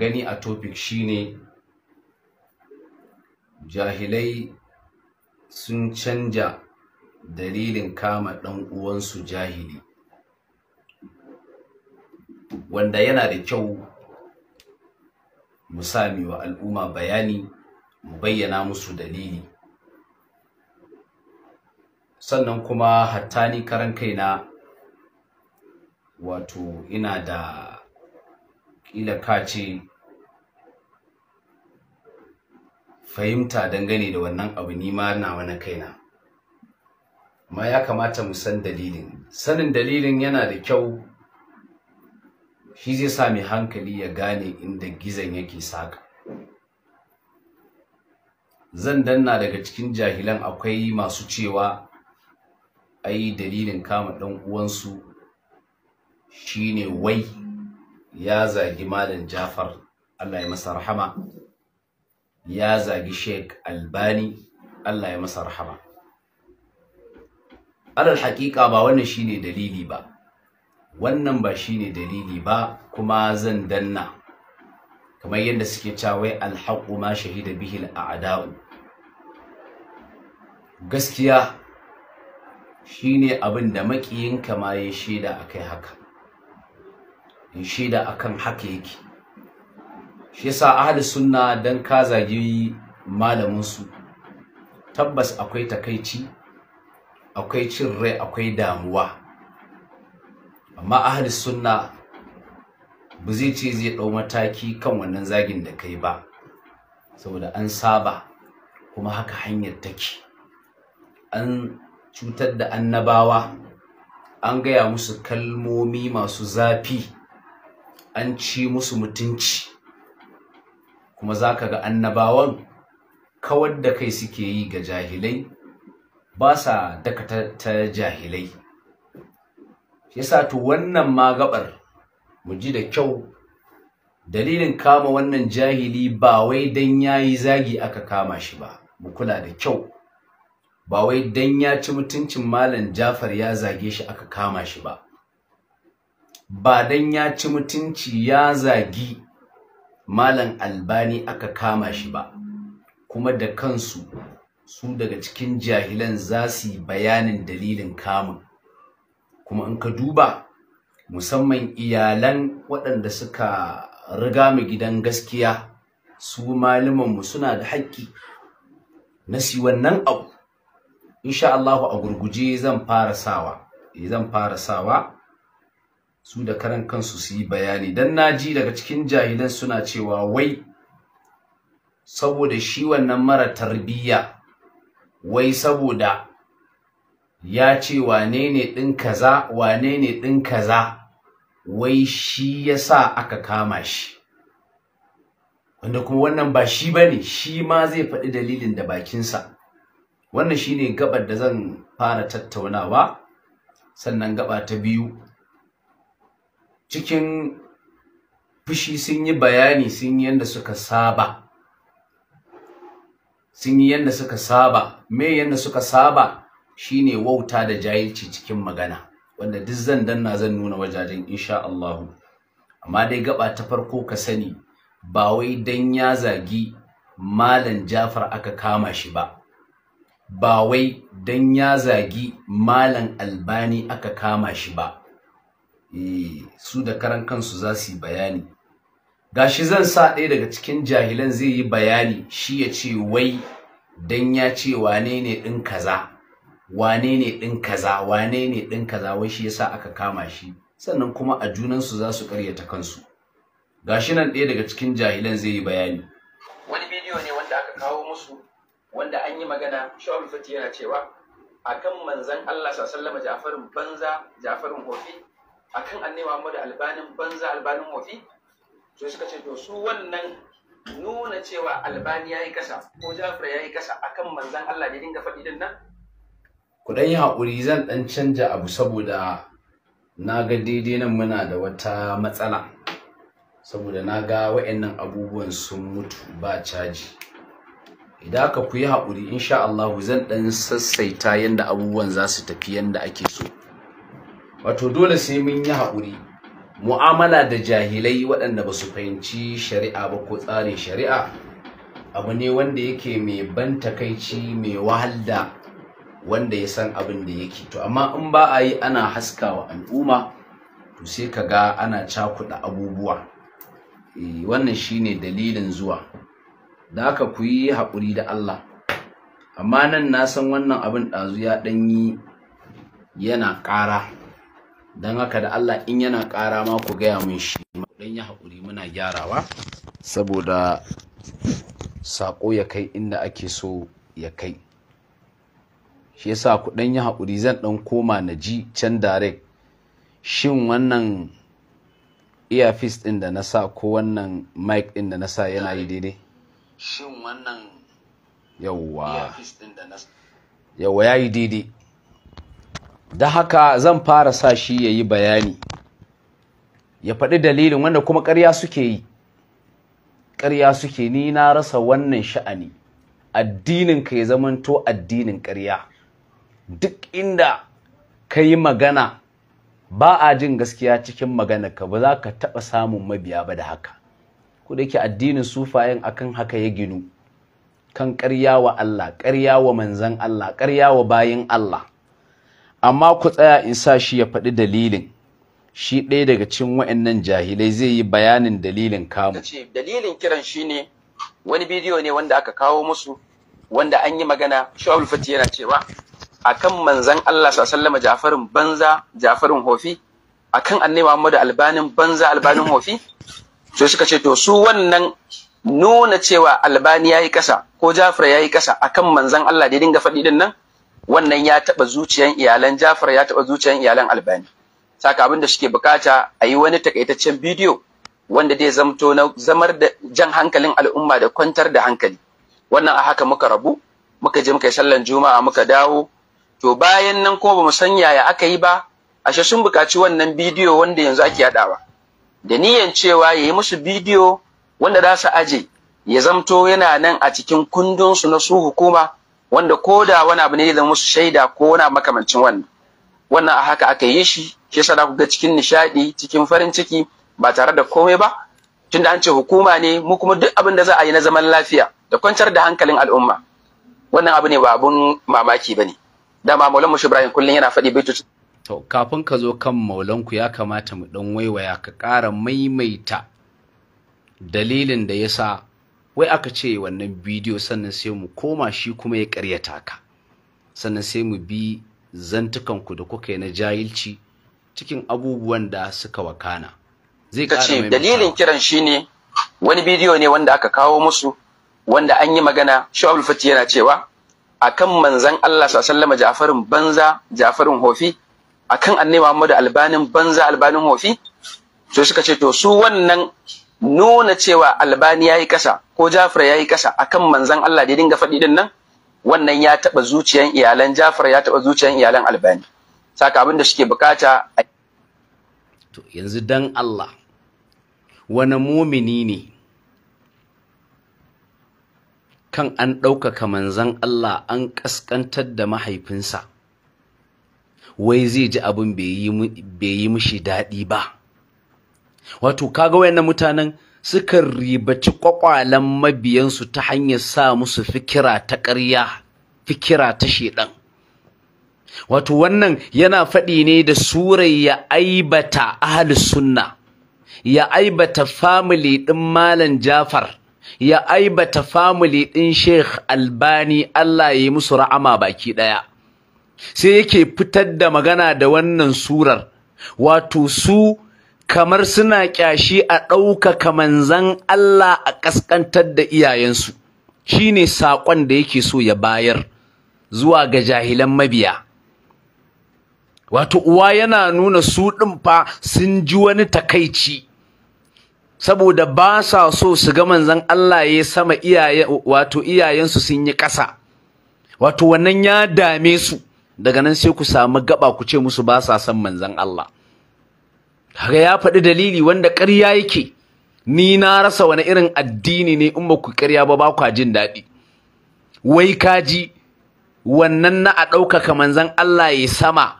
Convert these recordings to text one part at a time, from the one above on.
gani a topic shine jahilai sun canja dalilin kama ɗan uwansu jahili wanda yana da kyau mu sami wa al'umma bayani mu bayyana musu dalili sannan kuma hatta ni karan kaina wato ina da ƙila kace fahimta dangane da wannan abu ni ma nawa na kaina amma ya kamata mu san dalilin sanin dalilin yana da kyau shi zai sa mai hankali ya gane inda gizon yake saka zan danna daga cikin jahilan akwai masu cewa ai dalilin kama ɗan uwansu shine wai ya zagi malam jafar allah ya masa rahama ya zagi Sheikh albani allah ya masa rahama alal haƙiƙa ba wannan shine dalili ba wannan ba shine dalili ba kuma zan danna kamar yadda suke cawai alhaƙu ma shahida bihil a'da'u gaskiya shine abin da maƙiyinka ma ya shaida akai haka in shaida akan haka yake shi yasa ahli sunna dan ka zagi malamin su tabbas akwai takaici akwai cin rai akwai damuwa amma ahli sunna ba zai ce zai ɗau mataki kan wannan zagin da kai ba saboda an saba kuma haka hanyar take an cutar da annabawa an gaya musu kalmomi masu zafi an ci musu mutunci kuma za ka ga annabawan kawar da kai suke yi ga jahilai ba sa dakata ta jahilai yasa to wannan magabar mu ji da kyau dalilin kama wannan jahili ba wai dan yayi zagi aka kama shi ba mu kula da kyau ba wai dan ya ci mutuncin malam Jafar ya zage shi aka kama shi ba ba dan ya ci mutunci ya zagi malam albani aka kama shi ba kuma da kansu su daga cikin jahilan za su yi bayanin dalilin kamun kuma in ka duba musamman iyalan waɗanda suka riga mu gidan gaskiya su malumanmu suna da haƙƙi na si wannan abu insha Allahu a gurguje zan fara sawa eh, zan fara sawa su da karan kansu su yi bayani dan naji daga cikin jahilan suna cewa wai saboda shi wannan mara tarbiyya wai saboda ya ce wane ne ɗin kaza wane ne ɗin kaza wai shi ya sa aka kama shi wanda kuma wannan ba shi ba ne shi ma zai faɗi dalilin da bakinsa wannan shi ne gabar da zan fara tattaunawa sannan gaba ta biyu cikin fushi sun yi bayani sun yi yadda suka saba sun yi yadda suka saba me yadda suka saba shine wauta da jahilci cikin magana wanda duk zan danna zan nuna wajajen insha Allah amma dai gaba ta farko ka sani ba wai dan ya zagi malam Jafar aka kama shi ba ba wai dan ya zagi malam Albani aka kama shi ba Eh, su da karan kansu za su yi bayani shi zan sa ɗaya daga cikin jahilan zai yi bayani shi ya ce wai don ya ce wane ne ɗin kaza wane ne ɗin kaza wane ne ɗin kaza wai shi sa aka kama shi sannan kuma a junansu za su ƙaryata kansu Ga shi nan ɗaya daga cikin jahilan zai yi bayani wani bidiyo ne wanda aka kawo musu wanda an yi magana shawar fati yana cewa akan manzan Allah sallallahu alaihi Ja'farin banza Ja'farin hofi akan annabi Muhammad albanin banza albanin wafi to suka ce to su wannan nuna cewa albani yayi yi kasa ko jafar ya kasa akan manzan Allah ne dinga faɗi din nan ku dan yi hakuri zan dan canja abu saboda na ga daidai nan muna da wata matsala saboda na ga wa'annan abubuwan sun mutu ba caji idan ka ku yi haƙuri insha Allah zan ɗan sassaita yanda abubuwan za su tafi yadda ake so wato dole sai mun yi haƙuri mu'amala da jahilai waɗanda ba su fahimci shari'a ba ko tsarin shari'a abu ne wanda yake mai ban takaici mai wahalda wanda ya san abin da yake to amma in ba a yi ana haska wa al'umma to sai ka ga ana cakuɗa abubuwa eh, wannan shine dalilin zuwa da aka ku yi haƙuri da Allah amma nan na san wannan abin ɗazu ya ɗanyi yana ƙara don haka da Allah in yana ƙara ma ku gaya mun shi don ya haƙuri muna gyarawa saboda saƙo ya kai inda ake so ya kai shi yasa ku ɗan yi haƙuri zan ɗan koma na ji can direct shin wannan earpiece ɗin da na sa ko wannan mic ɗin da na sa yana yi daidai shin wannan yawwa yawwa ya yi daidai da haka zan fara sa shi ya yi bayani ya faɗi dalilin wanda kuma ƙarya suke yi ƙarya suke ni na rasa wannan sha'ani addinin ka ya zamanto addinin ƙarya duk inda ka yi magana ba a jin gaskiya cikin magana ka ba za ka taɓa samun mabiya ba da haka ko da yake addinin sufayen akan haka ya ginu kan ƙarya wa Allah ƙarya wa manzan Allah ƙarya wa bayin Allah amma ku tsaya in sa shi ya faɗi dalilin shi ɗaya daga cikin wa'annan jahilai zai yi bayanin dalilin kamu dalilin kiran shi ne wani bidiyo ne wanda aka kawo musu wanda an yi magana shawul fati yana cewa akan manzan Allah sallama Jafarin banza Jafarin hofi akan annabi Muhammadu albanin banza albanin hofi to suka ce to su wannan nuna cewa albani ya yi ƙasa ko Jafar ya yi kasa akan manzan Allah da ya dinga faɗi din nan wannan ya taɓa zuciyan iyalan Jafar ya taɓa zuciyan iyalan Albani saka abin da suke bukata a yi wani takaitaccen bidiyo wanda zai zamto na zamar da jan hankalin al'umma da kwantar da hankali wannan a haka muka rabu muka je muka yi sallan juma'a muka dawo to bayan nan kuma mu san yaya aka yi ba ashe sun bukaci wannan bidiyo wanda yanzu ake yadawa da niyan cewa ya yi musu bidiyo wanda za su aje ya zamto yana nan a cikin kundinsu na su hukuma wanda ko da wani abu ne ya zama musu shaida ko wani abu makamancin wannan wannan a haka aka yi shi shi yasa ku ga cikin nishadi cikin farin ciki ba tare da komai ba tunda an ce hukuma ne mu kuma duk abin da za a yi na zaman lafiya da kwantar da hankalin al'umma wannan abu ne ba abun mamaki bane dama maulan mushi ibrahim kullun yana faɗi baitu to kafin ka zo kan ku ya kamata mu dan waiwaya ka ƙara maimaita dalilin da yasa wai aka ce wannan bidiyo sannan sai mu koma shi kuma ya karyata ka sannan sai mu bi zantukanku da kuka yi na jahilci cikin abubuwan da suka wakana zai ce dalilin kiran shi ne wani bidiyo ne wanda aka kawo musu wanda an yi magana shu'abul fati yana cewa akan manzan Allah sallallahu Ja'farin banza Ja'farin hofi akan annabi Muhammadu albanin banza albanin hofi to suka ce to su wannan nuna cewa albani ya yi ƙasa ko jafar ya yi ƙasa akan manzan Allah da dinga faɗi din nan wannan ya taɓa zuciyan iyalan jafar ya taɓa zuciyan iyalan albani saka abin da suke bukata to yanzu dan Allah wani mumini ne kan an ɗaukaka manzan Allah an ƙasƙantar da mahaifinsa wai zai ji abin bai yi mishi daɗi ba wato kaga wayannan mutanen sukan ribaci kwakwalen mabiyansu ta hanyar sa musu fikira ta ƙarya fikira ta shedan wato wannan yana faɗi ne da surai ya aibata ahli sunna ya aibata famili ɗin malam jafar ya aibata famili ɗin sheikh albani allah ya yi musu ra'ama baki ɗaya sai yake fitar da magana da wannan surar wato su kamar suna kyashi a ɗaukaka manzan Allah a ƙasƙantar da iyayensu shi ne saƙon da yake so ya bayar zuwa ga jahilan mabiya wato uwa yana nuna su ɗin fa sun ji wani takaici saboda ba sa so su ga manzan Allah ya sama iyaye wato iyayensu sun yi ƙasa wato wannan ya dame su daga nan sai ku samu gaba ku ce musu ba sa son manzan Allah kaga ya faɗi dalili wanda ƙarya yake ni na rasa wani irin addini ne in ba ku ƙarya ba ba kwa jin daɗi wai kaji wannan na a ɗaukaka manzan Allah ya sama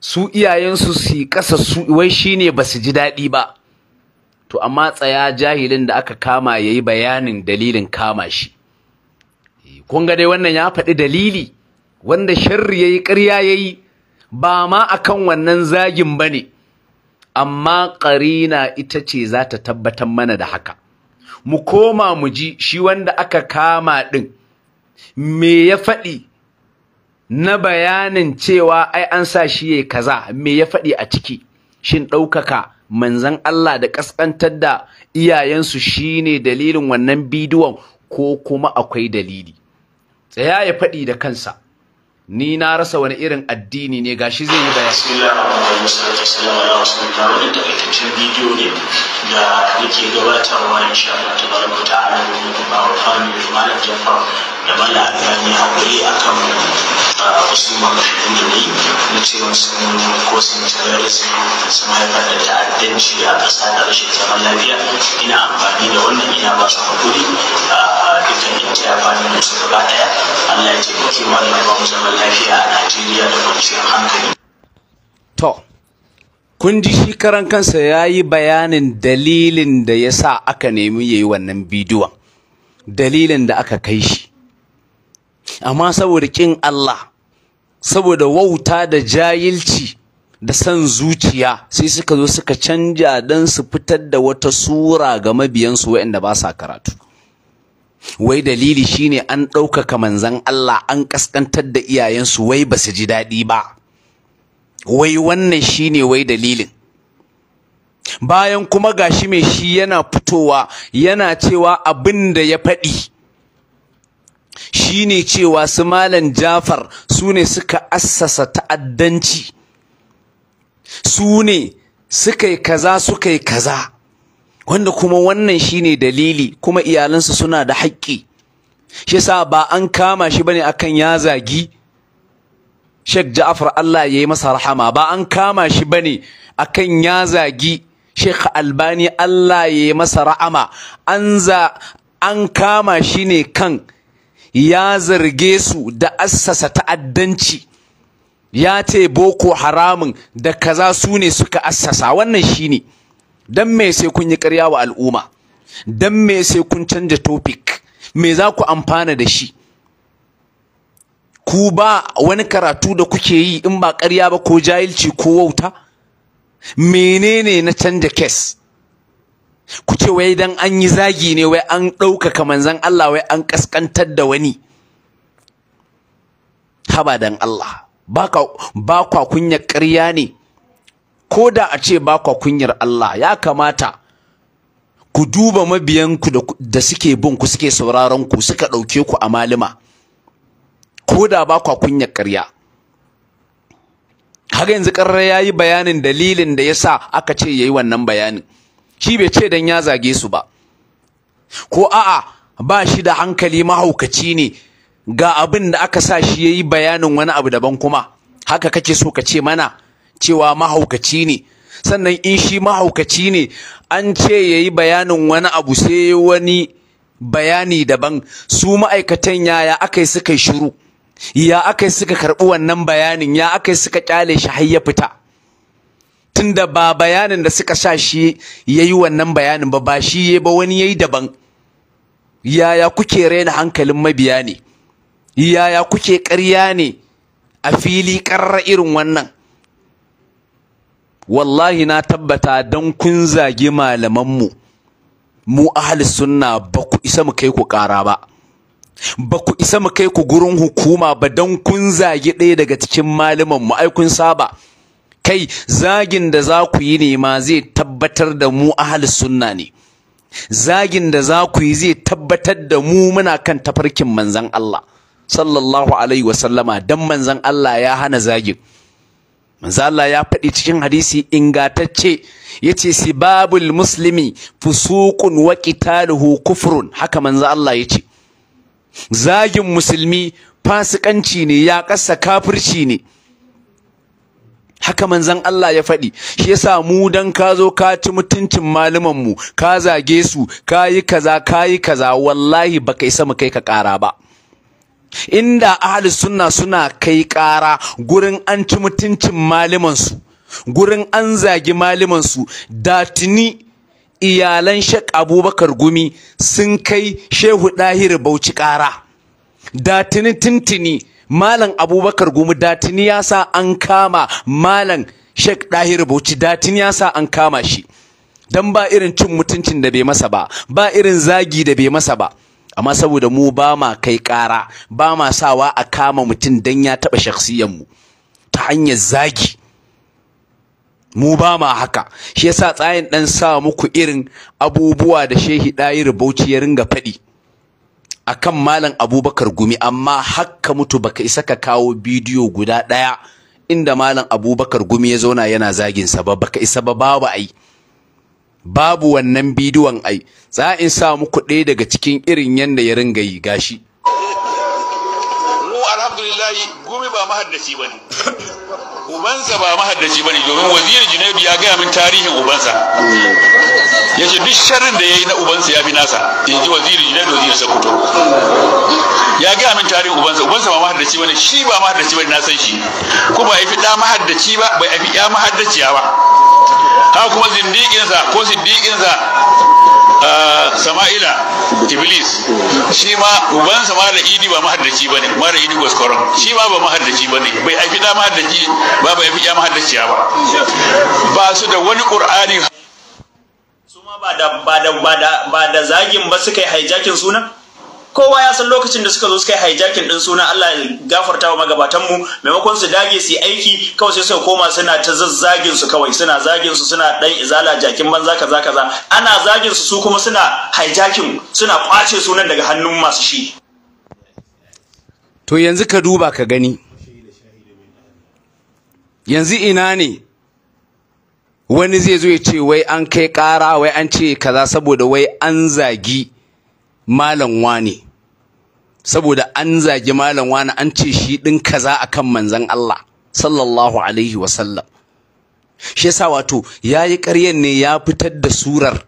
su iyayensu su ƙasa su wai shine ba su ji daɗi ba to amma tsaya jahilin da aka kama ya yi bayanin dalilin kama shi eh, kun ga dai wannan ya faɗi dalili wanda sharri ya yi ƙarya ya yi ba ma akan wannan zagin ba ne amma ƙarina ita ce za ta tabbatar mana da haka mu koma mu ji shi wanda aka kama ɗin me ya faɗi na bayanin cewa ai an sa shi ya kaza me ya faɗi a ciki shin ɗaukaka manzan Allah da ƙasƙantar da iyayensu shine dalilin wannan bidiyon ko kuma akwai dalili tsaya ya faɗi da kansa ni na rasa wani irin addini ne gashi zai yi bayani bismillahirrahmanirrahim da cikin bidiyo ne da nake gabatarwa insha Allah tabaraka ta'ala da kuma alfani da malam Jafar da malam Albani hakuri akan wasu maganganun da ni na cewa sun ko sun terrorism sun haifar da ta'addanci a ƙasa da rashin zaman lafiya ina amfani da wannan ina ba su hakuri musu gaba ɗaya Allah ya zaman lafiya a Najeriya da kwanciyar hankali to kun ji shi karan kansa ya yi bayanin dalilin da ya sa aka nemi ya yi wannan bidiyon dalilin da aka kai shi amma saboda kin Allah saboda wauta da jayilci da son zuciya sai suka zo suka canja don su fitar da wata sura ga mabiyansu waɗanda ba sa karatu wai dalili shine an ɗaukaka manzan Allah an ƙasƙantar da iyayensu wai ba su ji daɗi ba wai wannan shine wai dalilin bayan kuma gashi mai shi yana fitowa yana cewa abin da ya faɗi shine cewa su malam Jafar su ne suka assasa ta'addanci su ne suka yi kaza suka yi kaza wanda kuma wannan shine dalili kuma iyalansa suna da haƙƙi shi yasa ba an kama shi bane akan ya zagi Sheikh Ja'far Allah ya yi masa rahama ba an kama shi bane akan ya zagi Sheikh Albani Allah ya yi masa rahama an za an kama shi ne kan ya zarge su da assasa ta'addanci ya ce boko haramun da kaza su ne suka assasa wannan shine ne dan me sai kun yi karya wa al'umma dan me sai kun canja topic me za ku amfana da shi ku ba wani karatu da kuke yi in ba karya ba ko jahilci ko wauta menene na canja kes ku ce wai dan an yi zagi ne wai an ɗaukaka manzan Allah wai an ƙasƙantar da wani haba dan Allah ba kwa kunya ƙarya ne ko da a ce ba kwa kunyar Allah ya kamata ku duba mabiyanku da suke bin ku suke sauraron ku suka ɗauke ku a malima ko da ba kwa kunyar ƙarya har yanzu ƙarra ya yi bayanin dalilin da ya sa aka ce ya yi wannan bayanin shi bai ce don ya zage su ba ko a'a ba shi da hankali mahaukaci ne ga abin da aka sa shi ya yi bayanin wani abu daban kuma haka kake so ka ce mana cewa mahaukaci ne sannan in shi mahaukaci ne an ce ya yi bayanin wani abu sai wani bayani daban su ma'aikatan yaya aka yi suka shiru ya aka yi suka karɓi wannan bayanin ya aka yi suka ƙyale shi har ya fita tunda ba bayanin da suka sa shi ya yi wannan bayanin ba ba shi ya ba wani ya yi daban yaya kuke raina hankalin mabiya ne yaya kuke ƙarya ne a fili ƙarra irin wannan wallahi na tabbata dan kun zagi malamanmu mu ahli sunna ba ku isa mu kai ku ƙara ba ba ku isa mu kai ku gurin hukuma ba dan kun zagi ɗaya daga cikin malamanmu ai kun saba kai zagin da za ku yi ne ma zai tabbatar da mu ahli sunna ne zagin da za ku yi zai tabbatar da mu muna kan tafarkin manzon Allah sallallahu alaihi wasallama dan manzon Allah ya hana zagin manzo Allah ya faɗi cikin hadisi ingatacce yace sibabul muslimi Fusukun, Waƙita da kufrun haka manzo Allah ya ce. zagin musulmi fasikanci ne ya kasa kafirci ne haka manzon Allah ya faɗi shi yasa mu dan ka zo ka ci mutuncin malaman mu ka zage su ka yi kaza ka yi kaza wallahi baka isa mu kai ka ƙara ba inda ahli sunna suna kai kara gurin an ci mutuncin malamansu gurin an zagi malamansu su datini iyalan shek abubakar gumi sun kai shehu dahir bauchi ƙara datini tintini, malam abubakar gumi datini ya sa an kama malam shek dahir bauchi datini ya sa an kama shi dan ba irin cin mutuncin da bai masa ba ba irin zagi da bai masa ba amma saboda mu ba ma kai ƙara ba ma sawa a kama mutum don ya taɓa shaksiyanmu ta hanyar zagi mu ba ma haka shi yasa tsayin dan sa muku irin abubuwa da shehi dayi rubauci ya ringa faɗi akan malam abubakar gumi amma hakka mutu baka isa ka kawo bidiyo guda ɗaya inda malam abubakar gumi ya zauna yana zagin sa ba baka isa ba babu ai babu wannan bidiyon ai za in sa muku ɗaya daga cikin irin yanda ya ringa yi gashi mu alhamdulillah gumi ba mahaddaci bane ubansa ba mahaddaci bane domin waziri junaidu ya gaya min tarihin ubansa ya ce duk sharrin da ya yi na ubansa ya fi nasa in ji waziri junaidu waziri sakuto ya gaya min tarihin ubansa ubansa ba mahaddaci bane shi ba mahaddaci bane na san shi ba ya fi ɗa mahaddaci ba bai fi ya mahaddaciya ba haka kuma zindiƙinsa ko zindiƙinsa ah, sama'ila iblis shi ma ubansa ma da idi ba mahaddaci bane ma da idi gwaskwaron shi ma ba mahaddaci bane bai fi da mahaddaci ba ba fi ba ba su da wani qur'ani su ma ba da zagin ba suka yi hijacking suna? kowa ya san lokacin da suka zo suka yi hijacking din suna Allah ya gafarta wa magabatanmu maimakon su dage su yi aiki kawai sai suka koma suna ta zazzagin su kawai suna zagin su suna dan izala jakin banza kaza kaza ana zagin su su kuma suna hijacking suna kwace sunan daga hannun masu shi to yanzu ka duba ka gani yanzu ina ne wani zai zo ya ce wai an kai ƙara wai an ce kaza saboda wai an zagi malam wani saboda an zagi malam wani an ce shi ɗin kaza akan manzan Allah sallallahu alaihi wasallam shi yasa wato ya yi ƙaryan ne ya fitar da surar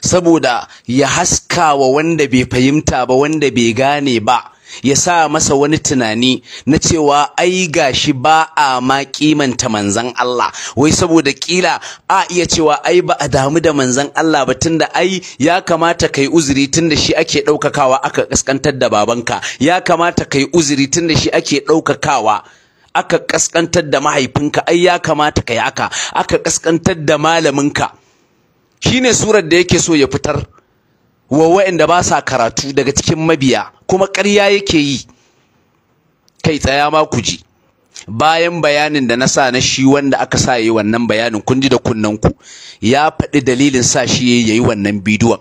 saboda ya haska wa wanda bai fahimta ba wanda bai gane ba ya sa masa wani tunani na cewa ai gashi ba a ma kimanta manzan Allah wai saboda kila a iya cewa ai ba a damu da manzan Allah ba tunda ai ya kamata kai uzuri tunda shi ake ɗaukakawa aka kaskantar da babanka ya kamata kai uzuri tunda shi ake ɗaukakawa aka kaskantar da mahaifinka ai ya kamata kai haka aka kaskantar da malaminka shine surar da yake so ya fitar wa wa'anda ba sa karatu daga cikin mabiya kuma ƙarya yake yi kai tsaya ma ku ji bayan bayanin da na sa na shi wanda aka sa yi wannan bayanin kun ji da kunnen ku ya faɗi dalilin sa shi ya yi wannan bidiyon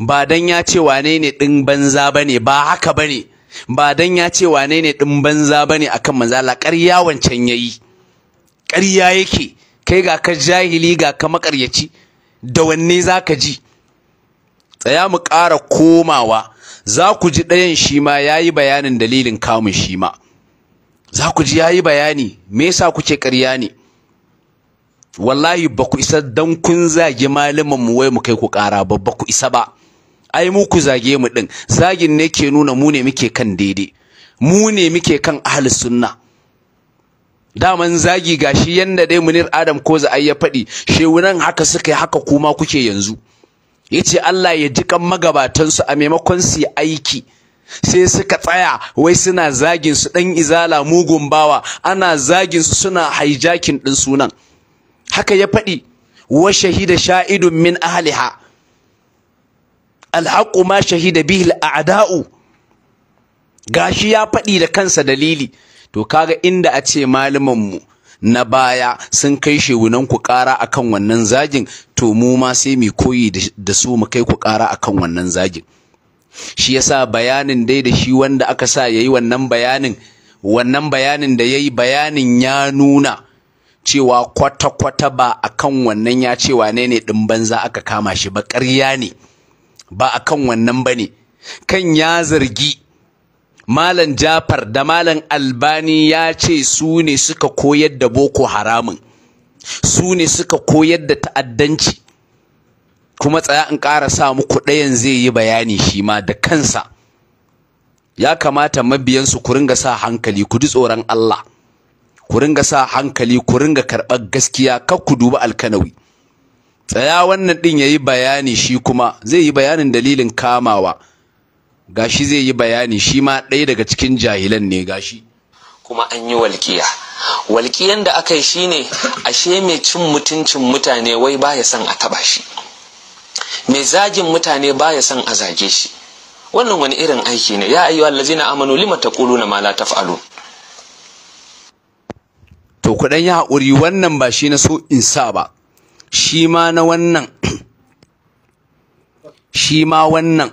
ba dan ya ce wane ne ɗin banza ba ne, ba haka ba ne. ba dan ya ce wane ne ɗin banza ba ne a kan manzala ƙarya wancan ya yayi ƙarya yake kai ga ka jahili ga ka maƙaryaci da wanne za ka ji tsaya mu ƙara komawa za ku ji ɗayan shi ma ya yi bayanin dalilin kamun shi ma za ku ji ya yi bayani me yasa kuke ƙarya ne wallahi ba ku isa don kun zage malamin mu wai mu kai ku ƙara ba ba ku isa ba ai mu ku zage mu ɗin zagin ne ke nuna mu ne muke kan daidai mu ne muke kan ahli sunna daman zagi gashi yanda dai munir adam ko za ya faɗi shewunan haka suka yi haka kuma kuke yanzu ya ce Allah ya ji kan magabatansu a maimakon su aiki sai suka tsaya wai suna zagin su dan izala mugun bawa ana zagin su suna hijakin din sunan haka ya faɗi wa shahida sha'idun min ahliha alhaqu ma shahida bihi al'ada'u gashi ya faɗi da kansa dalili to kaga inda a ce malaman na baya sun kai shewunan ku kara akan wannan zagin to mu ma sai mu koyi da su mu kai ku ƙara akan wannan zagin shi yasa bayanin dai da shi wanda aka sa yayi wannan bayanin wannan bayanin da yayi bayanin ya nuna cewa kwata-kwata ba akan wannan ya ce wane ne ɗin banza aka kama shi ba ƙarya ne ba akan wannan bane kan ya zargi malam jafar da malam albani ya ce su ne suka koyar da boko haramun su ne suka koyar da ta'addanci kuma tsaya in ƙara sa muku ɗayan zai yi bayani shi ma da kansa ya kamata mabiyansu ku ringa sa hankali ku ji tsoron Allah ku ringa sa hankali ku ringa karɓar gaskiya kar ku duba alkanawi tsaya wannan ɗin ya yi bayani shi kuma zai yi bayanin dalilin kamawa gashi zai yi bayani shi ma ɗaya daga cikin jahilan ne gashi kuma an yi walƙiya walƙiyan da aka yi shi ne ashe mai cin mutuncin mutane wai ba ya son a taba shi mai zagin mutane ba ya son a zage shi wannan wani irin aiki ne ya ayyuhal na amanu lima na mala ta taf'alun to kudan ya yi haƙuri wannan ba shi na so in sa ba shi ma na shi ma wannan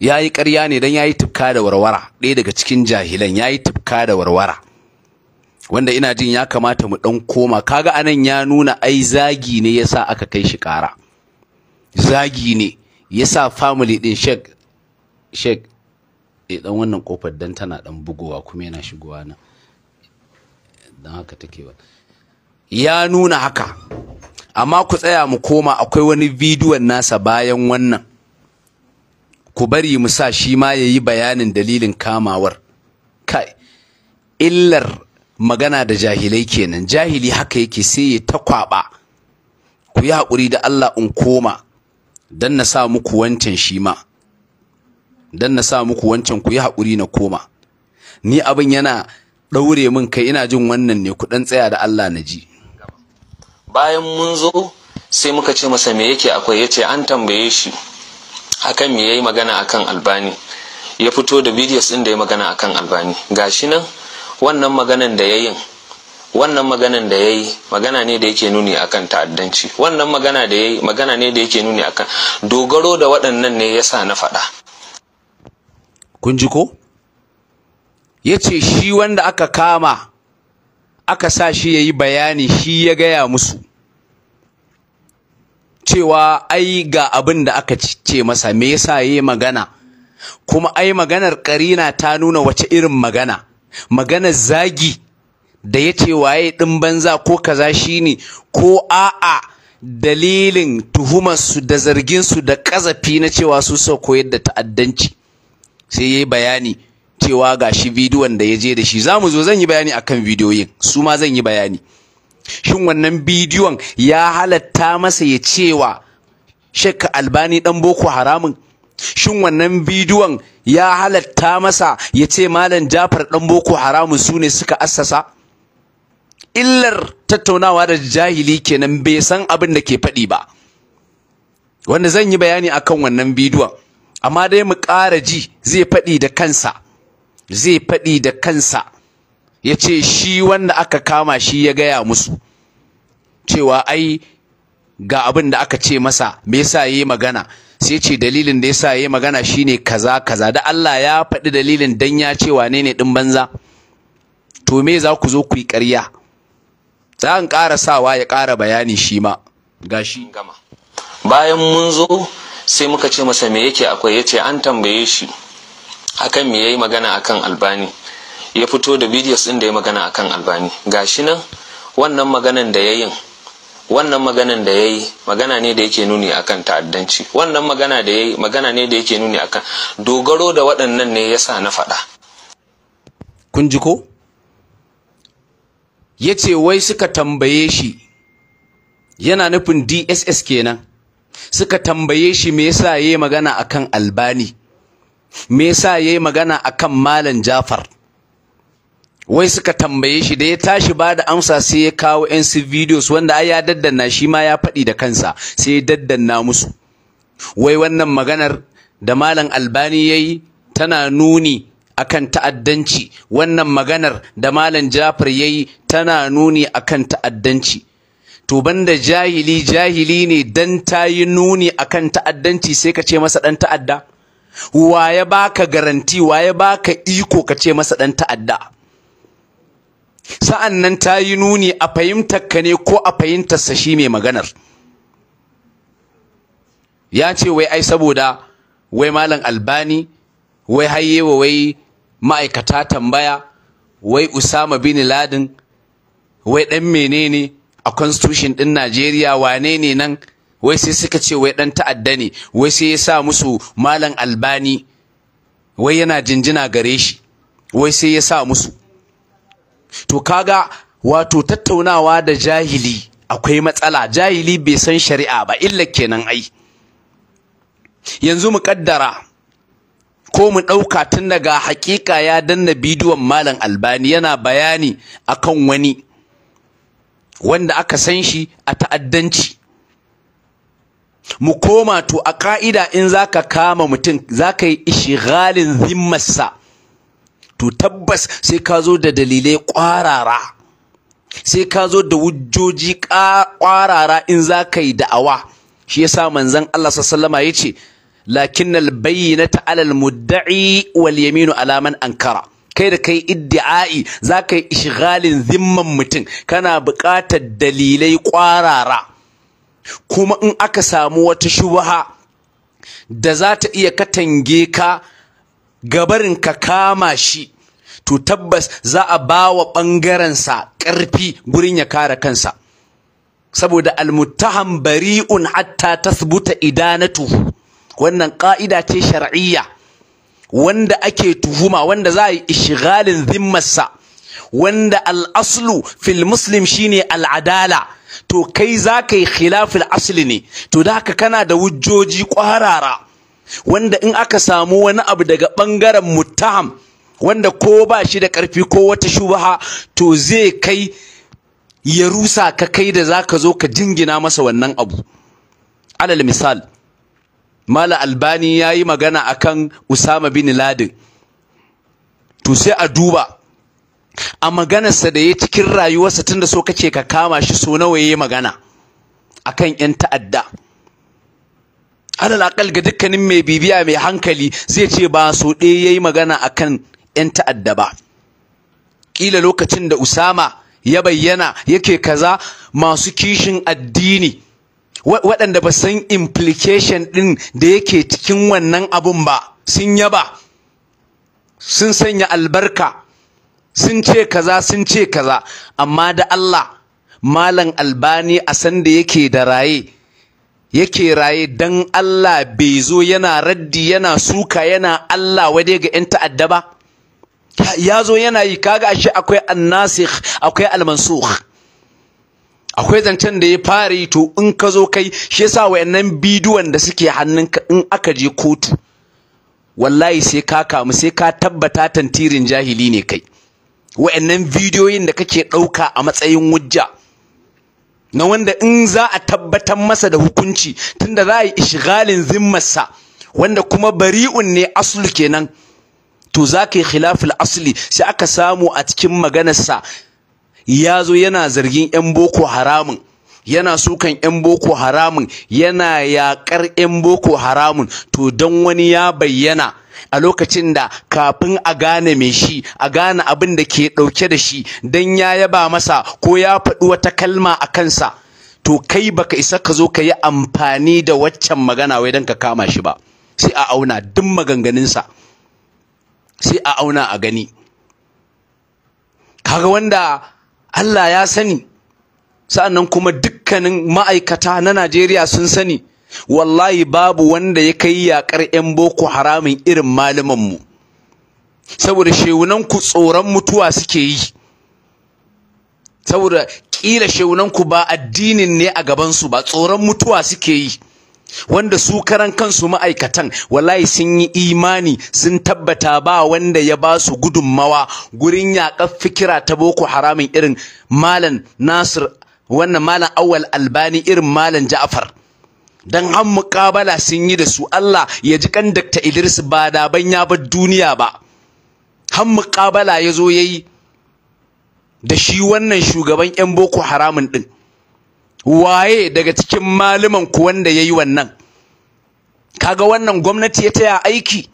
ya yi ƙarya ne don ya yi tufka da warwara ɗaya daga cikin jahilan ya yi tufka da warwara wanda ina jin ya kamata mu ɗan koma kaga anan ya nuna ai zagi ne ya sa aka kai shi ƙara zagi ne ya sa family ɗin shek shek eh dan wannan kofar dan tana dan bugowa kuma yana shigowa nan don haka take ba ya nuna haka amma ku tsaya mu koma akwai wani bidiyon nasa bayan wannan ku bari mu sa shi ma yayi bayanin dalilin kamawar kai illar magana da jahilai kenan jahili haka yake sai ya ta kwaba ku yi haƙuri da Allah in koma dan na sa muku wancan shi ma dan na sa muku wancan ku yi haƙuri na koma ni abin yana ɗaure min kai ina jin wannan ne ku ɗan tsaya da Allah na ji bayan mun zo sai muka ce masa me yake akwai yace an tambaye shi akan me yayi magana akan albani ya fito da videos din da ya magana akan albani gashi nan wannan maganan da yayin wannan maganan da yayi magana ne da yake nuni akan ta'addanci wannan magana da yayi magana ne da yake nuni akan dogaro da waɗannan ne yasa na faɗa kun ji ko yace shi wanda aka kama aka sa shi yayi bayani shi ya gaya musu cewa ai ga abin da aka ce masa me yasa yayi magana kuma ai maganar karina ta nuna wace irin magana maganar zagi da ya ce waye ɗin banza ko kaza shine ko a'a dalilin tuhumarsu da zargin su da kazafi na cewa su so koyar da ta'addanci sai yayi bayani cewa gashi bidiyon da ya je da shi za mu zo zan yi bayani akan bidiyoyin su ma zan yi bayani shin wannan bidiyon ya halatta masa ya cewa shekka albani dan boko haramun shin wannan bidiyon ya halatta masa ya ce malam jafar dan boko haramun su ne suka assasa illar tattaunawa da jahili kenan bai san abin da ke faɗi ba wanda zan yi bayani akan wannan bidiyon amma dai mu ƙara ji zai faɗi da kansa zai faɗi da kansa ya ce shi wanda aka kama shi ya gaya musu cewa ai ga abin da aka ce masa me yasa yayi magana sai ce dalilin da yasa yayi magana shine kaza kaza da Allah ya faɗi dalilin dan ya ce wane ne din banza to me za ku zo ku yi ƙarya za an ƙara sawa ya ƙara bayani shi ma gashi gama bayan mun zo sai muka ce masa me yake akwai yace an tambaye shi akan me yayi magana akan albani ya fito da videos ɗin da ya magana akan albani gashi nan wannan maganan da ya yin wannan maganan da ya yi magana ne da yake nuni akan ta'addanci wannan magana da ya yi magana ne da yake nuni akan dogaro da waɗannan ne ya sa na faɗa kun ji ko ya ce wai suka tambaye shi yana nufin dss kenan suka tambaye shi me yasa ya yi magana akan albani me yasa ya yi magana akan malam jafar wai suka tambaye shi da ya tashi ba da amsa sai ya kawo ƴan su videos wanda ai ya daddanna shi ma ya faɗi da kansa sai ya daddanna musu wai wannan maganar da malam albani ya yi tana nuni akan ta'addanci wannan maganar da malam jafar ya yi tana nuni akan ta'addanci to banda jahili jahili ne dan ta yi nuni akan ta'addanci sai ka ce masa dan ta'adda wa ya baka garanti wa ya baka iko ka ce masa dan ta'adda sa'an nan ta yi nuni a fahimtar ka ne ko a fahimtarsa shi mai maganar ya ce wai ai saboda wai malam albani wai hayewa wai ma'aikata tambaya wai usama bin ladin wai ɗan menene a constitution ɗin najeriya wane ne nan wai sai suka ce wai ɗan ta'adda ne wai sai ya sa musu malam albani wai yana jinjina gare shi wai sai ya sa musu to kaga wato tattaunawa da jahili akwai matsala jahili bai san shari'a ba illa kenan ai yanzu mu kaddara ko mu ɗauka tun daga haƙiƙa ya danna bidiyon malam albani yana bayani akan wani wanda aka san shi a ta'addanci mu koma to a ka'ida in zaka kama mutum zaka yi zimmar zimmarsa to tabbas sai ka zo da dalilai ƙwarara sai ka zo da wujjoji ƙwarara in za ka yi da'awa shi ya yasa manzan Allah sallama ya ce albayi na alal mudda'i wal yaminu alaman ankara kai da kai iddi'ai za ka yi ishigalin zimman mutum kana buƙatar dalilai ƙwarara kuma in aka samu wata shubaha da za ta iya katange ka gabarin ka kama shi to tabbas za a bawa ɓangarensa ƙarfi gurin ya kare kansa saboda almuttaham bari'un hatta tasbuta idanatu. wannan ƙa'ida ce shar'iyya wanda ake tuhuma wanda za a yi ishigalin zimmarsa wanda al'aslu fil muslim shine al'adala to kai za ka yi khilafin asli ne to da haka kana da wujjoji ƙwarara wanda in aka samu wani abu daga ɓangaren muttaham wanda ko ba shi da ƙarfi ko wata shubaha to zai kai ya rusa ka kai da za ka zo ka jingina masa wannan abu alal misal mala albani ya yi magana a kan usama bin ladin to sai a duba a maganarsa da ya cikin rayuwarsa tunda so kace ka kama shi so nawa ya yi magana a kan 'yan ta'adda alal aqal ga dukkanin mai bibiya mai hankali zai ce ba so ɗaya yayi magana a kan yan ta'adda ba Ƙila lokacin da Usama ya bayyana yake kaza masu kishin addini waɗanda ba san implication ɗin da yake cikin wannan abun ba sun yaba sun sanya albarka sun ce kaza sun ce kaza amma da Allah malam albani a san da yake da raye yake raye dan Allah bai zo yana raddi yana suka yana Allah wade ga 'yan ta'adda ba ya zo yana yi kaga ashe akwai annasikh akwai almansukh akwai zancen da ya fara yi to in ka zo kai shi yasa wayannan bidiyon da suke hannunka in aka je kotu wallahi sai ka kamu sai ka tabbata tantirin jahili ne kai wayannan bidiyoyin da kake ɗauka a matsayin wujja na wanda in za a tabbatar masa da hukunci tunda za a yi ishgalin zimmarsa wanda kuma bari'un ne aslu kenan to za ka yi khilaful asli sai aka samu a cikin maganarsa ya zo yana zargin 'yan boko haramun yana sukan 'yan boko haramun yana yaƙar 'yan boko haramun to don wani ya bayyana a lokacin da kafin a gane mai shi a gane abin da ke ɗauke da shi don ya yaba masa ko ya faɗi wata kalma a kansa to kai baka isa ka zo ka yi amfani da waccan magana wai don ka kama shi ba sai a auna duk maganganunsa sai a auna a gani kaga wanda Allah ya sani sa'annan kuma dukkanin ma'aikata na Najeriya sun sani wallahi babu wanda ya kai yakar yan boko haramin irin malaman mu saboda shewunan ku tsoron mutuwa suke yi saboda kila shewunan ku ba addinin ne a gaban su ba tsoron mutuwa suke yi wanda su karan kansu ma'aikatan wallahi sun yi imani sun tabbata ba wanda ya ba su gudunmawa gurin yaƙar fikira ta boko haramin irin malam nasir wannan malam awal albani irin malam ja'far dan han muƙabala sun yi da su Allah ya ji kan Dr. Idris ba da ban ya bar duniya ba han muƙabala ya zo yayi da shi wannan shugaban yan boko haramun din waye daga cikin malaman ku wanda yayi wannan kaga wannan gwamnati ya taya aiki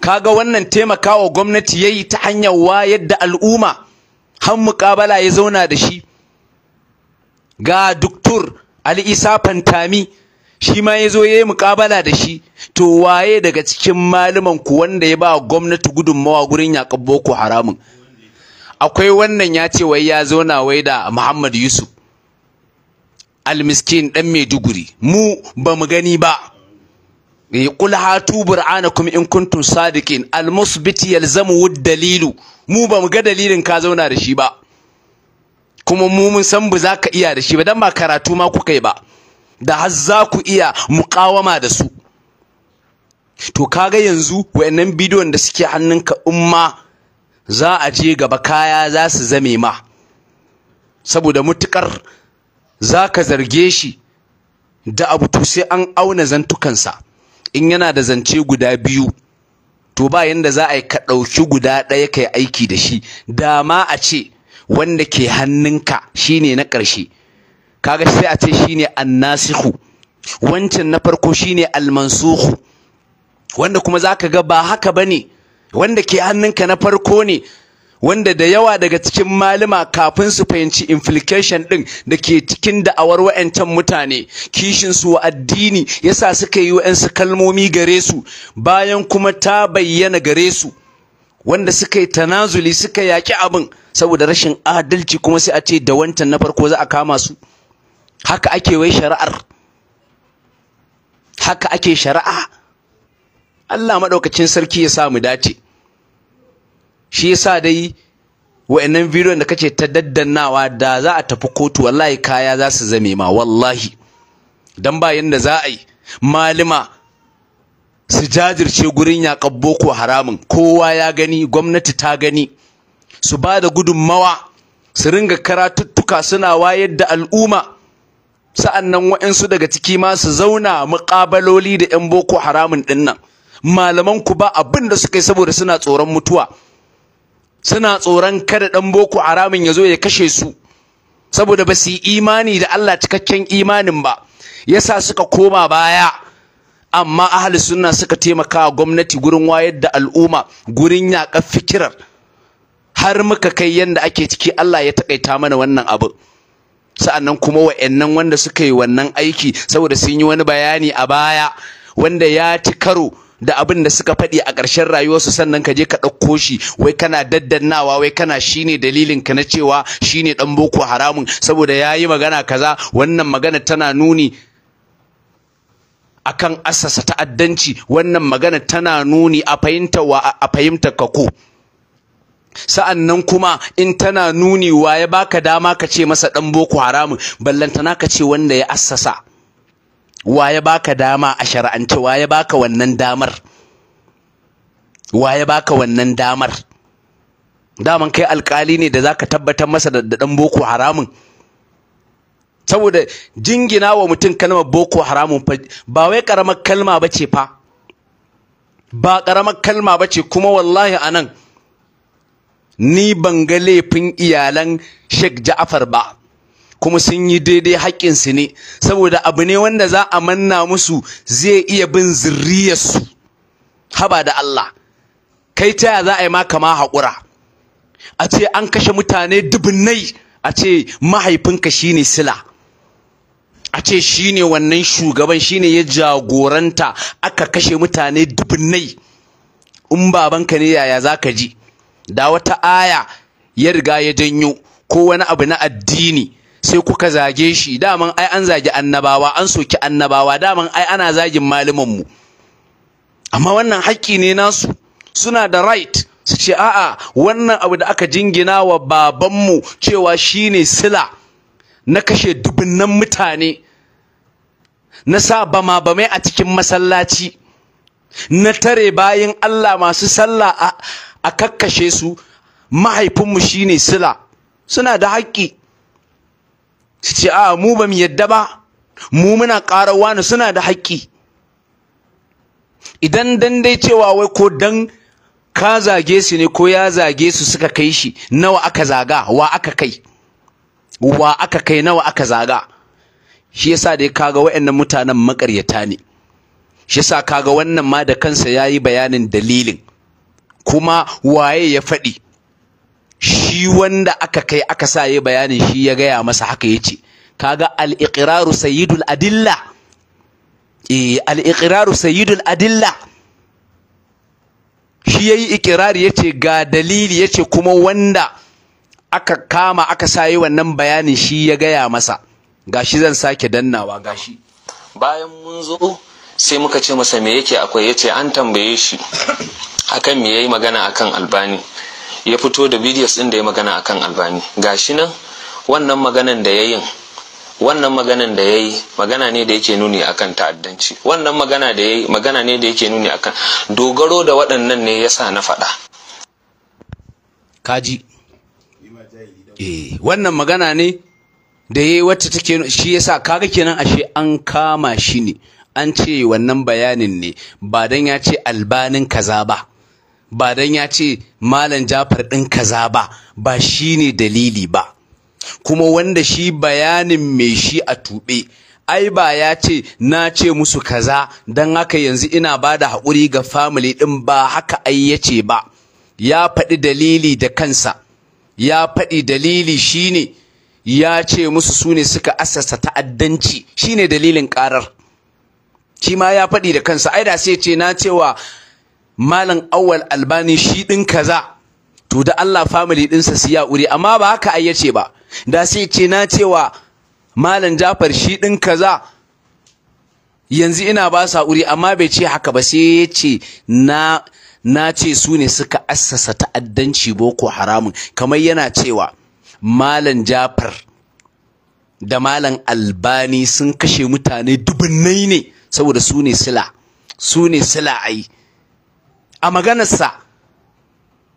kaga wannan taimakawa gwamnati yayi ta hanyar wayar da al'umma han mukabala ya zauna da shi ga doktor Ali Isa Fantami shi ma ya zo ya yi muƙabala da shi to waye daga cikin malaman ku wanda ya ba gwamnati gudunmawa gurin yaƙar boko haramun akwai wannan ya ce wai ya zauna wai da muhammad yusuf almiskin dan maiduguri mu ba mu gani ba eh, qul hatu bur'anakum in kuntum sadiqin almusbiti yalzamu dalilu mu ba mu ga dalilin ka zauna da shi ba kuma mu mun san ba za ka iya da shi ba dan ba karatu ma kuka yi ba da har za ku iya muƙawama da su to kaga yanzu wayannan bidiyon da suke hannunka umma za a je gaba kaya za su zame ma saboda mutukar za ka zarge shi da abu to sai an auna zantukansa in yana da zance guda biyu to ba yanda za a yi ka ɗauki guda ɗaya ka yi aiki da shi dama a ce wanda ke hannunka shine na ƙarshe kaga sai a ce shine annasikhu wancan na farko shine almansukhu wanda kuma zaka ga ba haka bane wanda ke hannunka na farko ne wanda da yawa daga cikin malama kafin su fahimci implication ɗin da ke cikin da'awar wa'ancan mutane kishin su addini yasa suka yi wa'ansu kalmomi gare su bayan kuma ta bayyana gare su wanda suka yi tanazuli suka yaki abin saboda rashin adalci kuma sai a ce da wancan na farko za a kama su haka ake wai shari'ar haka ake shari'a Allah maɗaukacin sarki ya sa mu dace shi yasa dai wa'annan bidiyon da kace ta daddannawa da za a tafi kotu wallahi kaya za su zame ma wallahi dan ba yanda za a yi malima su jajirce gurin yaƙar boko haramun kowa ya gani gwamnati ta gani su ba da gudunmawa su ringa karatuttuka suna wayar da al'umma sa'annan wa'insu daga ciki ma su zauna muƙabaloli da 'yan boko haramun ɗinnan. nan malaman ku ba abin da suka yi saboda suna tsoron mutuwa suna tsoron kada ɗan boko haramun ya zo ya kashe su saboda ba su yi imani da Allah cikakken imanin ba yasa suka koma baya amma ahli sunna suka taimaka gwamnati gurin wayar da al'umma gurin yaƙar fikirar har muka kai yadda ake ciki Allah ya taƙaita mana wannan abu sa'annan kuma wa'annan wanda suka yi wannan aiki saboda sun yi wani bayani a baya wanda ya ci karo da abin da suka faɗi a ƙarshen rayuwarsu sannan ka je ka ɗauko shi wai kana daddannawa wai kana shine dalilin ka na cewa shine ɗan boko haramun saboda ya yi magana kaza wannan magana tana nuni akan assasa ta'addanci wannan magana tana nuni a fahimta wa fahimtar ka ko sa'an nan kuma in tana nuni wa ya baka dama ka ce masa ɗan boko haramun ballantana ka ce wanda ya assasa wa ya baka dama a shar'ance wa ya baka wannan damar wa ya baka wannan damar daman kai alkali ne da zaka tabbatar masa da ɗan boko haramun saboda jingina wa mutum kalmar boko haramun ba wai karamar kalma bace fa ba karamar kalma bace kuma wallahi anan ni ban ga laifin iyalan Sheikh Ja'far ba kuma sun yi daidai su ne saboda abu ne wanda za a manna musu zai iya bin zurriyarsu haba da Allah kai ta za a yi ma kama haƙura a ce an kashe mutane dubunnai a ce mahaifinka shine sila a ce shine wannan shugaban shine ya jagoranta aka kashe mutane dubunnai in babanka ne yaya za ka ji da wata aya ya riga ya janyo ko wani abu na addini sai kuka zage shi daman ai an zagi annabawa an soki annabawa daman ai ana zagin mu amma wannan haƙƙi ne nasu suna da right su ce a'a wannan abu da aka jingina wa babanmu cewa shine sila na kashe dubunnan mutane na sa bama bamai a cikin masallaci na tare bayin Allah masu sallah a a kakkashe su mahaifinmu shine sila suna da haƙƙi su ce a mu ba mu yadda ba mu muna ƙararwa wani suna da haƙƙi idan dan dai cewa wai ko dan ka zage su ne ko ya zage su suka kai shi nawa aka zaga wa aka kai wa aka kai nawa aka zaga shi yasa dai kaga waɗannan mutanen makaryata ne shi yasa kaga wannan ma da kansa yayi bayanin dalilin kuma waye ya faɗi shi wanda aka kai aka sa yi bayanin shi ya gaya masa haka ya ce kaga al-iqraru sayyidul adilla eh al-iqraru sayyidul adilla shi yayi ikirari yace ga dalili yace kuma wanda aka kama aka sa yi wannan bayanin shi ya gaya masa gashi zan sake dannawa gashi bayan mun zo sai muka ce masa me yake akwai yace an tambaye shi akan me yayi magana akan albani ya fito da videos din da ya magana akan albani gashi nan wannan maganan da yayin wannan maganan da yayi magana ne da yake nuni akan ta'addanci wannan magana da yayi magana ne da yake nuni akan dogaro da waɗannan ne yasa na faɗa kaji eh wannan magana ne da yayi wacce take shi yasa kaga kenan ashe an kama shi ne an ce wannan bayanin ne ba dan ya ce albanin kaza ba ba don ya ce malam jafar ɗin kaza ba ba shi ne dalili ba kuma wanda shi bayanin mai shi a tuɓe ai ba ya ce na ce musu kaza don haka yanzu ina ba da haƙuri ga family ɗin ba haka ai ya ce ba ya faɗi dalili da kansa ya faɗi dalili shi ne ya ce musu su ne suka asasa ta'addanci Shi ne dalilin ƙarar shi ma ya faɗi da kansa ai da sai ce na cewa malam awal albani shi din kaza to da Allah family ɗinsa su ya wuri amma ba haka ai yace ba da sai ce na cewa malam Jafar shi din kaza yanzu ina ba sa wuri amma bai ce haka ba sai yace na na ce su ne suka assasa ta'addanci boko haramun kamar yana cewa malam Jafar da malam Albani sun kashe mutane dubunnai ne saboda su ne sila su ne sila ai a maganarsa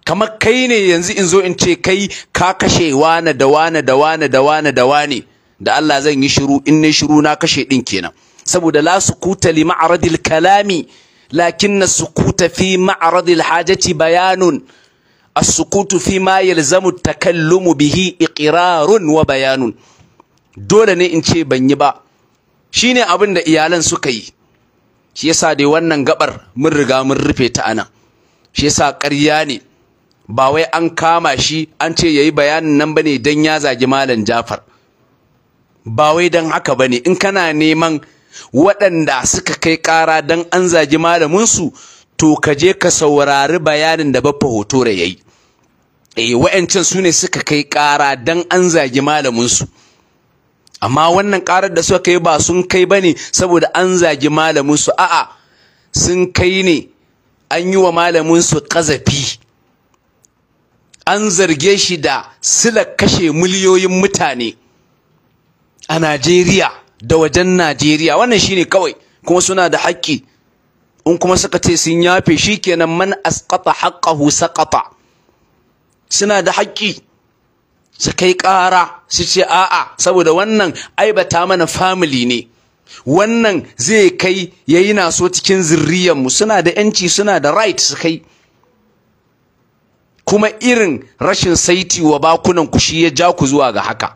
kamar kai ne yanzu in zo in ce kai ka kashe wane da wane da wane da wane da wane da Allah zan yi shiru in ne shiru na kashe din kenan saboda la sukuta li ma'radil kalami lakin na sukuta fi ma'radil hajati bayanun as-sukutu fi ma yalzamu takallumu bihi iqrarun wa bayanun dole ne in ce ban yi ba shine abin da iyalan suka yi shi yasa dai wannan gabar mun riga mun rufe ta anan shi yasa ƙarya ne ba wai an kama shi an ce yayi bayanin nan bane dan ya zagi malam Jafar ba wai dan haka bane in kana neman waɗanda suka kai ƙara dan an zagi malamin su to ka je ka saurari bayanin da baffa hoto ya yayi eh wa'ancan su ne suka kai ƙara dan an zagi malamin su amma wannan ƙarar da suka kai ba sun kai bane saboda an zagi malamin su a'a sun kai ne an yi wa malaminsu ƙazafi an zarge shi da sila kashe miliyoyin mutane a Najeriya da wajen Najeriya wannan shine kawai kuma suna da haƙƙi in kuma suka ce sun yafe shi kenan man asqata haqqahu saqata suna da haƙƙi su kai ƙara su ce a'a saboda wannan aibata mana family ne wannan zai kai yayi na so cikin zirriyar suna da yanci suna da right su kai kuma irin rashin saiti wa bakunan ku shi ya ja ku zuwa ga haka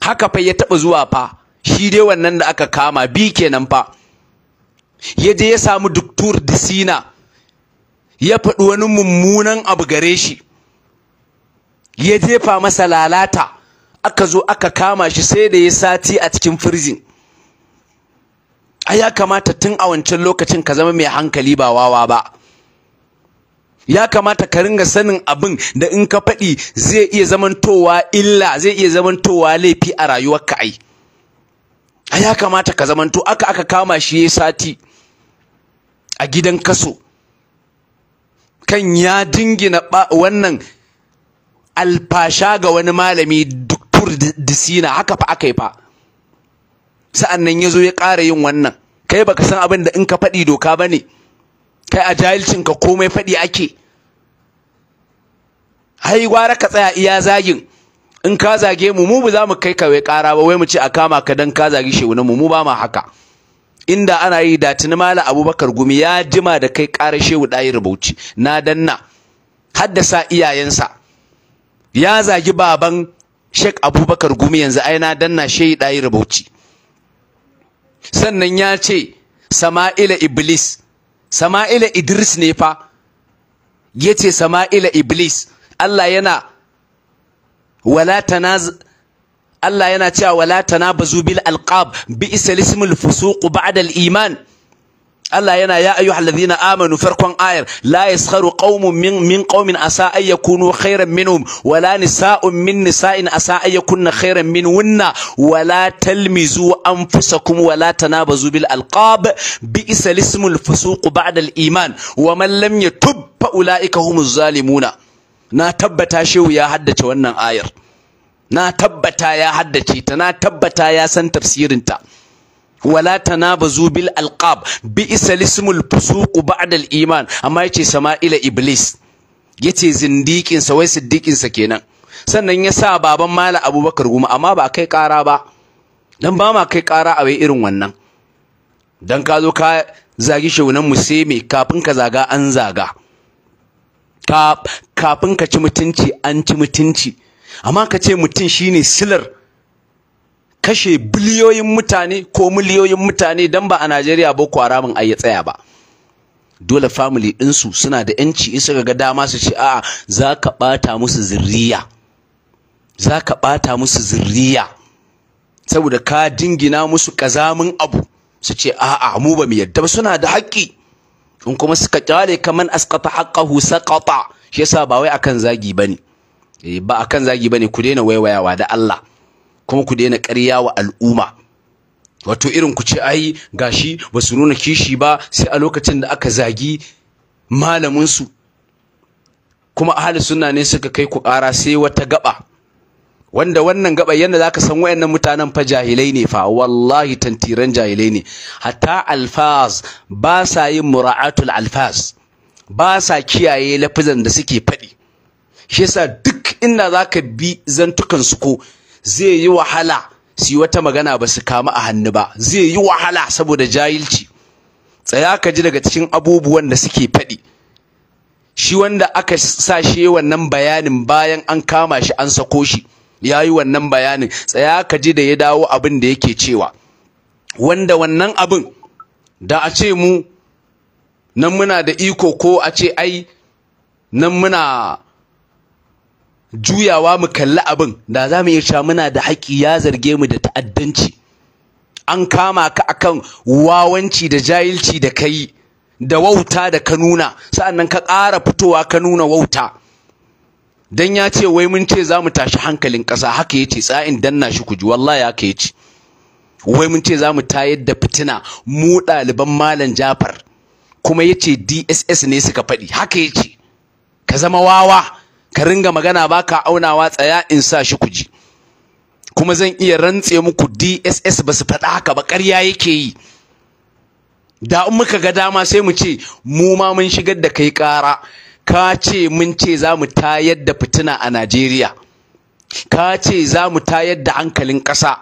haka fa ya taba zuwa fa shi dai wannan da aka kama bi kenan fa ya je ya samu duktur Sina ya faɗi wani mummunan abu gare shi ya jefa masa lalata aka zo aka kama shi sai da ya sati a cikin firjin. a ya kamata tun a wancan lokacin ka zama mai hankali ba wawa ba ya kamata ka ringa sanin abin da in ka faɗi zai iya zamantowa illa zai iya zamantowa laifi a rayuwarka ai a ya kamata ka zamanto aka aka kama shi ya sati a gidan kaso kan ya dingina wannan alfasha ga wani malami duktur disina haka fa aka yi fa sa'annan ya zo ya ƙara yin wannan kai baka san abin da in ka faɗi doka ba ne kai a jahilcin ka komai faɗi ake hai gwara ka tsaya iya zagin in ka zage mu mu ba za mu kai ka wai ƙara ba wai mu ce a kama ka dan ka zagi shehunan mu mu ba ma haka inda ana yi da tuni mala abubakar gumi ya jima da kai ƙara shehu ɗayi rubuci na danna haddasa iyayensa ya zagi baban shek abubakar gumi yanzu ai na danna shehu ɗayi rubuci sannan ya ce sama'ila iblis sama'ila idris ne fa ya ce sama'ila iblis Allah yana Allah yana cewa walatana bazubil bil alqab bi isal fusuq ba'da iman الله ينا يا أيها الذين آمنوا فرقون آير لا يسخر قوم من من قوم أساء يكونوا خيرا منهم ولا نساء من نساء أساء يكون خيرا منهن ولا تلمزوا أنفسكم ولا تنابزوا بالألقاب بئس الاسم الفسوق بعد الإيمان ومن لم يتب فأولئك هم الظالمون نا تبتا شو يا حدث وانا آير نا تبتا يا حدثي نا تبتا يا سن تفسير انت wala tanabazu bil alqab bi ismul fusuq ba'da al iman amma yace sama'ila iblis yace zindikin sa wai siddiqin sa kenan sannan ya sa baban mala abubakar goma amma ba kai kara ba dan ba ma kai kara a wai irin wannan dan ka zo ka zagi shaunan Musemi kafin ka zaga an zaga kafin ka ci mutunci an ci mutunci amma ka ce mutum shine silar kashe biliyoyin mutane ko miliyoyin mutane dan ba a Najeriya ba Haram ai ya tsaya ba dole family ɗinsu suna da yanci in suka ga dama su ce a'a za ka ɓata musu zirriya za ka ɓata musu zirriya saboda ka dingina musu ƙazamin abu su ce a'a mu ba mu yadda ba suna da haƙƙi in kuma suka ƙyale kaman asqata husa saqata shi yasa ba wai akan zagi bane ne. Eh, ba akan zagi bane ku daina waiwayawa da Allah kuma ku daina ƙarya wa al'umma wato irin ku ce ai gashi ba su nuna kishi ba sai a lokacin da aka zagi malaminsu kuma ahali suna ne suka kai ku ƙara sai wata gaba wanda wannan gaba yadda za ka san wayannan mutanen fa jahilai ne fa wallahi tantiran jahilai ne hatta alfaz ba sa yin mura'atul alfaz ba sa kiyaye lafizan da suke faɗi shi yasa duk inda ka bi zantukansu ko zai yi wahala su yi wata magana ba su kama a hannu ba zai yi wahala saboda jahilci tsaya ka ji daga cikin abubuwan da suke faɗi shi wanda aka sa shi wannan bayanin bayan an kama shi an sako shi ya yi wannan bayanin tsaya ka ji da ya dawo abin da yake cewa wanda wannan abin da a ce mu nan muna da iko ko a ce ai nan muna juyawa mu kalli abin da za mu iya cewa muna da haƙƙi ya zarge mu da ta'addanci an kama ka akan wawanci da jahilci da kai da wauta da ka nuna sa'annan ka ƙara fitowa ka nuna wauta dan ya ce wai mun ce za mu tashi hankalin ƙasa haka ya ce tsa'in danna shi kuji wallahi haka ya ce wai mun ce za mu tayar da fitina mu ɗaliban malam jafar kuma ya ce dss ne suka faɗi haka ya ce ka zama wawa ka ringa magana baka aunawa tsaya in sa shi kuji kuma zan iya rantse muku DSS ba su faɗa haka ba ƙarya yake yi da in muka ga dama sai mu ce mu ma mun shigar da kai ƙara ka ce mun ce za mu tayar da fitina a Najeriya ka ce za mu tayar da hankalin ƙasa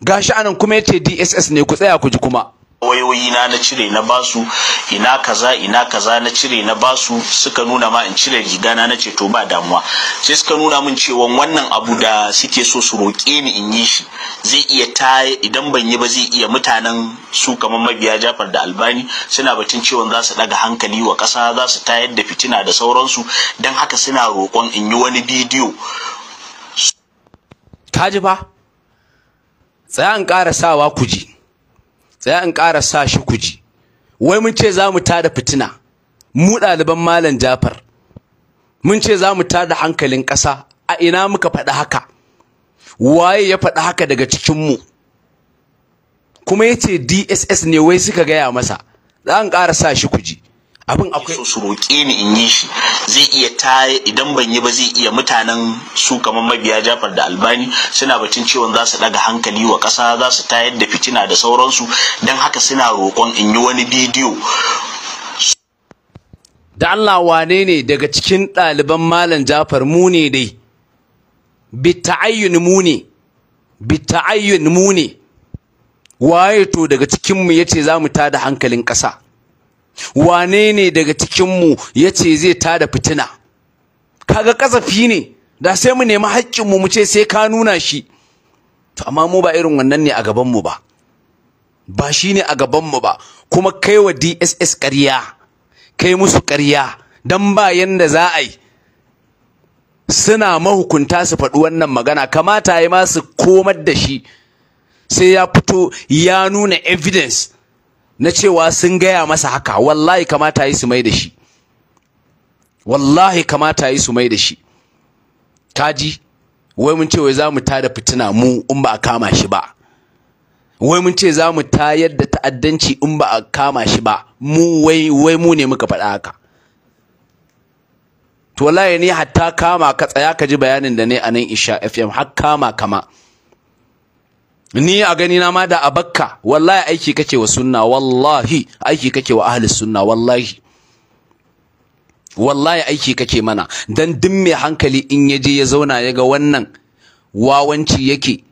gashi anan kuma ya ce DSS ne ku tsaya ku ji kuma wayoyi na na cire na basu ina kaza ina kaza na cire na basu suka nuna ma in cire riga na na ce to ba damuwa sai suka nuna min cewa wannan abu da suke so su roƙe ni in yi shi zai iya ta idan ban yi ba zai iya mutanen su kamar mabiya Jafar da Albani suna batun cewa za su daga hankali wa kasa za su tayar da fitina da sauransu dan haka suna roƙon in yi wani bidiyo kaji ba tsaya an ƙara sawa ku ji sai in ƙara sa shi kuji wai mun ce za mu tada fitina mu ɗaliban malam jafar mun ce za mu tada hankalin ƙasa a ina muka faɗi haka waye ya faɗi haka daga cikinmu kuma ya ce dss ne wai suka gaya masa za an ƙara sa shi kuji abin akwai su roƙe ni in yi shi zai iya ta idan ban yi ba zai iya mutanen su kamar mabiya Jafar da Albani suna batun cewa za su daga hankali wa ƙasa za su tayar da fitina da sauransu don haka suna roƙon in yi wani bidiyo da Allah wane ne daga cikin ɗaliban malam Jafar mu ne dai ta'ayyun mu ne ta'ayyun mu ne waye to daga cikin mu yace zamu tada hankalin ƙasa wane ne daga cikinmu ya ce zai tada fitina kaga kasafi ne da sai mu nemi haƙƙinmu mu ce sai ka nuna shi to amma mu ba irin wannan ne a gabanmu ba ba shi ne a gabanmu ba kuma kai wa dss ƙarya kai musu ƙarya don ba yanda za a yi suna mahukunta su faɗi wannan magana kamata ya ma su komar da shi sai ya fito ya nuna evidence na cewa sun gaya masa haka wallahi kamata yi su mai da shi wallahi kamata yi su mai da shi kaji wai mun ce wai za mu tada fitina mu in ba a kama shi ba wai mun ce za mu tayar da ta'addanci in ba a kama shi ba mu wai wai mu ne muka faɗa haka to wallahi ne hatta kama ka tsaya ka ji bayanin da ne a nan Isha FM har kama kama ni a gani na ma da abakka wallahi aiki kake wa sunna wallahi aiki kake wa ahli sunna wallahi wallahi aiki kake mana dan duk mai hankali in ya je ya zauna ya ga wannan wawanci yake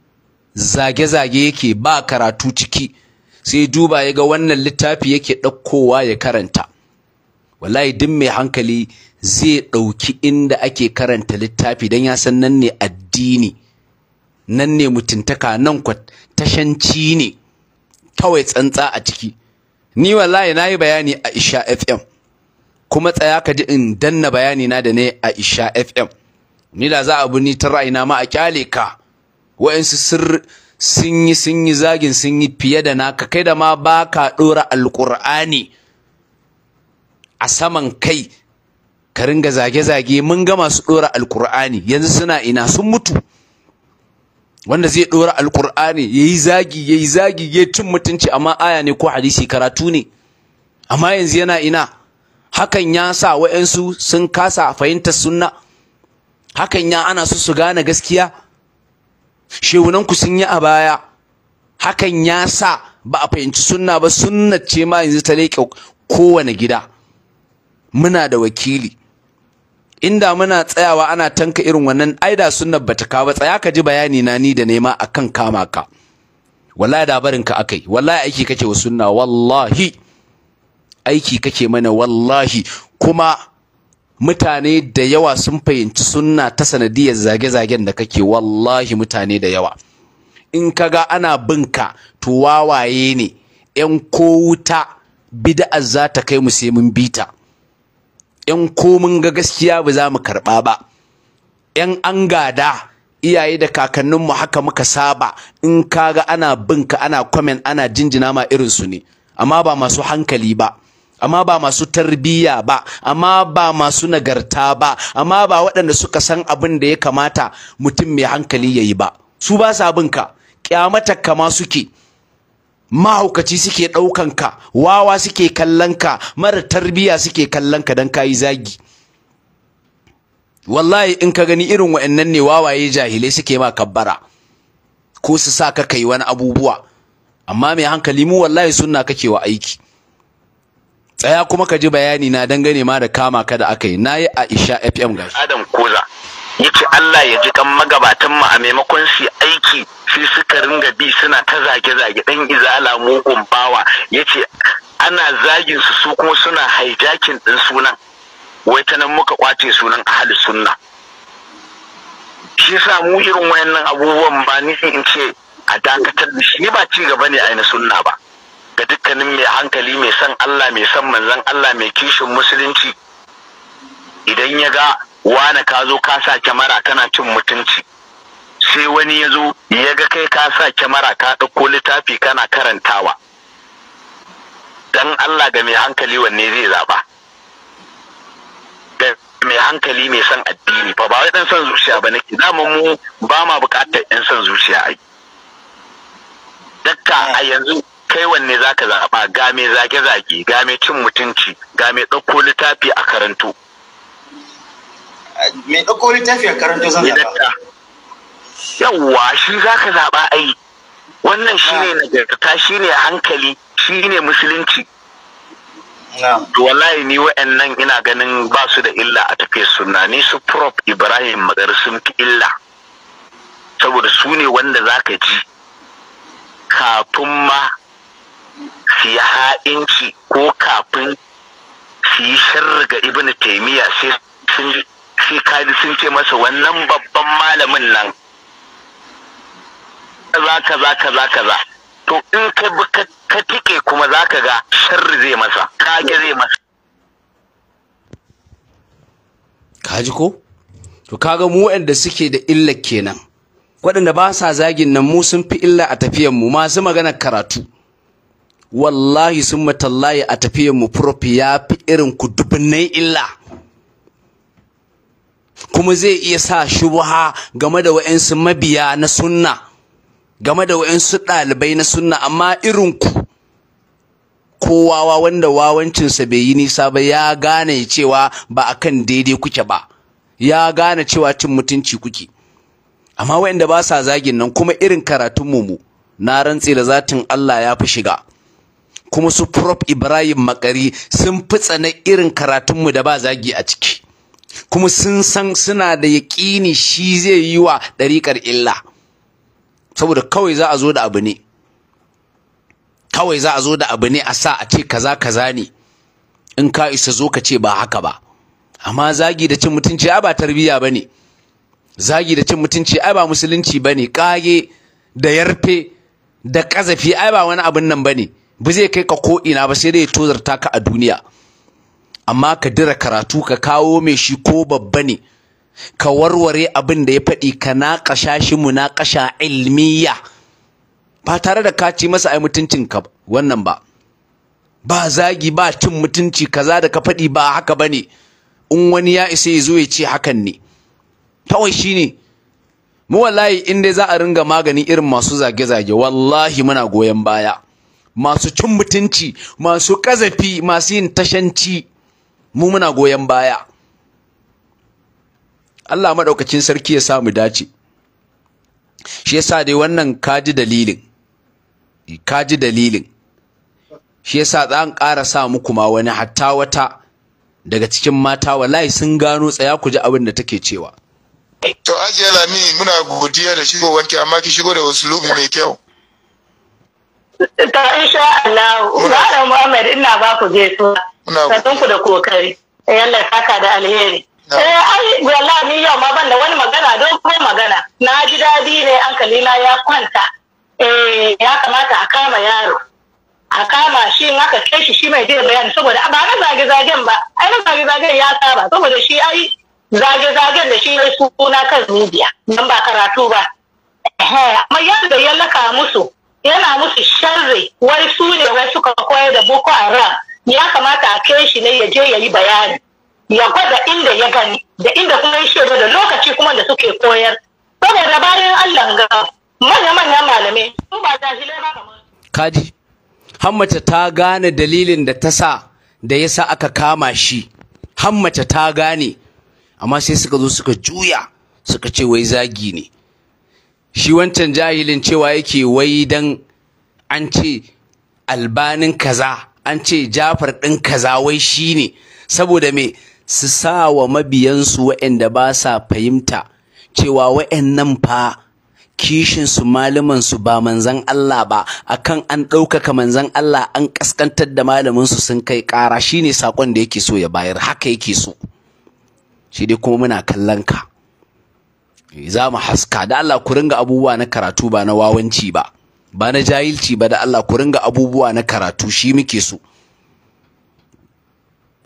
zage-zage yake ba karatu ciki sai duba ya ga wannan littafi yake ɗaukowa ya karanta wallahi duk mai hankali zai ɗauki inda ake karanta littafi don ya san nan ne addini nan ne mutuntaka nan kwa tashanci ne kawai tsantsa a ciki ni wallahi yi bayani a Isha FM kuma tsaya ka ji in danna bayani na da ne a Isha FM ni da za a ni ta ra'ayina ma a kyale ka wa'ansu sir sun yi sun yi zagin sun yi fiye da naka kai da ma baka ɗora alqur'ani a saman kai ka ringa zage-zage mun ga masu ɗora alqur'ani yanzu suna ina sun mutu wanda zai dora ya yi zagi ya yi zagi ya cin mutunci amma aya ne ko hadisi karatu ne amma yanzu yana ina hakan ya sa wa'ansu sun kasa fahimtar sunna hakan ya ana su su gane gaskiya shehunanku sun yi a baya hakan ya sa ba a fahimci sunna ba sunna ce ma yanzu ta leƙe kowane gida muna da wakili inda muna tsayawa ana tanka irin wannan aida sunnar bata ka ba tsaya ka ji bayani na ni da nema akan kama ka wallahi da barin ka akai wallahi aiki kake wa sunna wallahi aiki kake mana wallahi kuma mutane da yawa sun fahimci sunna ta sanadiyar zage-zagen da kake wallahi mutane da yawa in kaga ana binka to wawaye ne 'yan ko wuta bida'ar za ta kai mu sai mun bita 'yan komin ga gaskiya ba za mu karɓa ba 'yan an gada iyaye da kakanninmu haka muka saba in kaga ana binka ana kwamen ana jinjina ma irinsu ne amma ba masu hankali ba amma ba masu tarbiyya ba amma ba masu nagarta ba amma ba waɗanda suka san abin da ya kamata mutum mai hankali ya yi ba su ba sa binka kyamata kama suke mahaukaci suke ɗaukan ka wawa suke kallon ka mara tarbiyya suke kallon ka don kayi zagi wallahi in ka gani irin wa'annan ne wawaye jahilai suke ma kabbara ko su sa ka kai wani abubuwa amma mai hankali mu wallahi sunna kake wa aiki tsaya kuma ka ji bayani na dangane ma da kama ka da aka yi na yi a isha fm gashi adam koza yace Allah ya ji kan magabatan mu a maimakon su aiki sai suka ringa bi suna ta zage-zage dan izala mugun bawa yace ana zagin su su kuma suna hijacking din sunan wai ta nan muka kwace sunan ahli sunna shi sa mu irin wayannan abubuwan ba ni in ce a dakatar da shi ba ci gaba ne a na sunna ba ga dukkanin mai hankali mai san Allah mai san manzon Allah mai kishin musulunci idan ya ga wane ka zo ka sa kyamara kana cin mutunci sai wani ya zo ya ga kai ka sa kyamara ka ɗauko littafi kana karantawa dan Allah ga mai hankali wanne zai zaɓa Da mai hankali mai son addini fa ba wai dan son zuciya ba nake zamu mu ba ma buƙatar yan son zuciya ai dakka a yanzu kai wanne zaka zaɓa ga mai zage-zage ga mai cin mutunci ga mai ɗauko littafi a karanto mai ɗauko zaka karanto zan zaɓa yawwa shi za ka zaɓa ai wannan shi ne ah. nagarta shi ne hankali shi ne musulunci to wallahi ni wa'annan ina ganin ba su da illa a tafiyar sunna ni su prof ibrahim magar sun fi illa saboda su ne wanda za ka ji kafin ma su yi ha'inci ko kafin su yi sharri ga ibn taimiyya sai sun shi kaji sun ce masa wannan babban malamin nan kaza kaza kaza kaza to in ka bi ka tike kuma za ka ga sharri zai masa kage zai masa kaji ko to kaga mu waɗanda suke da illa kenan waɗanda ba sa zagin nan mu sun fi illa a tafiyan mu masu maganar karatu wallahi sun matallaye a tafiyan mu profi, ya fi irin ku dubunnai illa kuma zai iya sa shubha game da wa'ansu mabiya na sunna game da wa'ansu ɗalibai na sunna amma irin ku kowawa wanda wawancinsa bai yi nisa ba ya gane cewa ba a kan daidai kuke ba ya gane cewa cin mutunci kuke amma wa'anda ba sa zagin nan kuma irin karatun mu na rantse da zatin Allah ya fi shiga kuma su Prof Ibrahim Makari sun fi na irin karatunmu da ba zagi a ciki kuma sun san suna da yaƙini shi zai yi wa ɗariƙar illa saboda kawai za a zo da abu ne kawai za a zo da abu ne a sa a ce kaza kaza ne in ka isa zo ka ce ba haka ba amma zagi da cin mutunci ai ba tarbiyya ba ne. zagi da cin mutunci ai ba musulunci ba ne. ƙage da yarfe da ƙazafi, ai ba wani abin nan ba ne. ba zai kai ka ko'ina ba sai dai ya tozarta ka a duniya amma ka dira karatu ka kawo mai shi ko babba ne ka warware abin da ya faɗi ka naƙasha shi munaƙasha ilmiya ba tare da ka ci masa ai mutuncin ka wannan ba ba zagi ba cin mutunci kaza da ka faɗi ba haka bane in wani ya isa ya zo ya ce hakan ne kawai shine mu wallahi in dai za a ringa magani irin masu zage-zage wallahi muna goyon baya masu cin mutunci masu ƙazafi masu yin tashanci mu muna goyon baya Allah maɗaukacin sarki ya sa mu dace shi yasa dai wannan kaji dalilin kaji dalilin shi yasa za an ƙara sa muku ma wani hatta wata daga cikin mata wallahi sun gano tsaya ku ji abin da take cewa to ajiya lami muna godiya da shigo wanki amma ki shigo da wasu usulubi mai kyau ta insha Allah Malam Muhammad ina ba ku gaisuwa Sannan ku da kokari. Yalla eh, haka da alheri. Eh ai ni yau ma ban da wani magana don ko magana. Na ji daɗi ne hankali na ya kwanta. Eh ya kamata a kama yaro. A kama shi in aka kai shi shi mai dai bayani saboda ba na zage zagen ba. Ai na zage zagen ya saba saboda shi ai zage zagen da shi ya suna kan media. Nan ba karatu ba. Amma da ya laka musu yana musu sharri wai su ne wai suka koyar da Boko Haram. ya kamata a kai shi ne ya je ya yi bayani ya gwada inda ya gani da inda kuma ya shirya da lokaci kuma da suke koyar saboda dabarun Allah ga manya-manya malamai su ba jahilai ba kamar kaji hammace ta gane dalilin da ta sa da ya sa aka kama shi hammace ta gane amma sai suka zo suka juya suka ce wai zagi ne shi wancan jahilin cewa yake wai dan an ce albanin kaza an ce jafar ɗin kazawai shi ne saboda me su sa wa mabiyansu waɗanda ba sa fahimta cewa wa'annan fa kishinsu malamansu ba manzan Allah ba akan an ɗaukaka manzan Allah an ƙasƙantar da malaminsu sun kai ƙara Shi ne saƙon da yake so ya bayar haka yake so shi dai kuma muna kallon ka eh, za mu haska da Allah ku ringa abubuwa na karatu ba na wawanci ba ba na jahilci ba da Allah ku ringa abubuwa na karatu shi muke so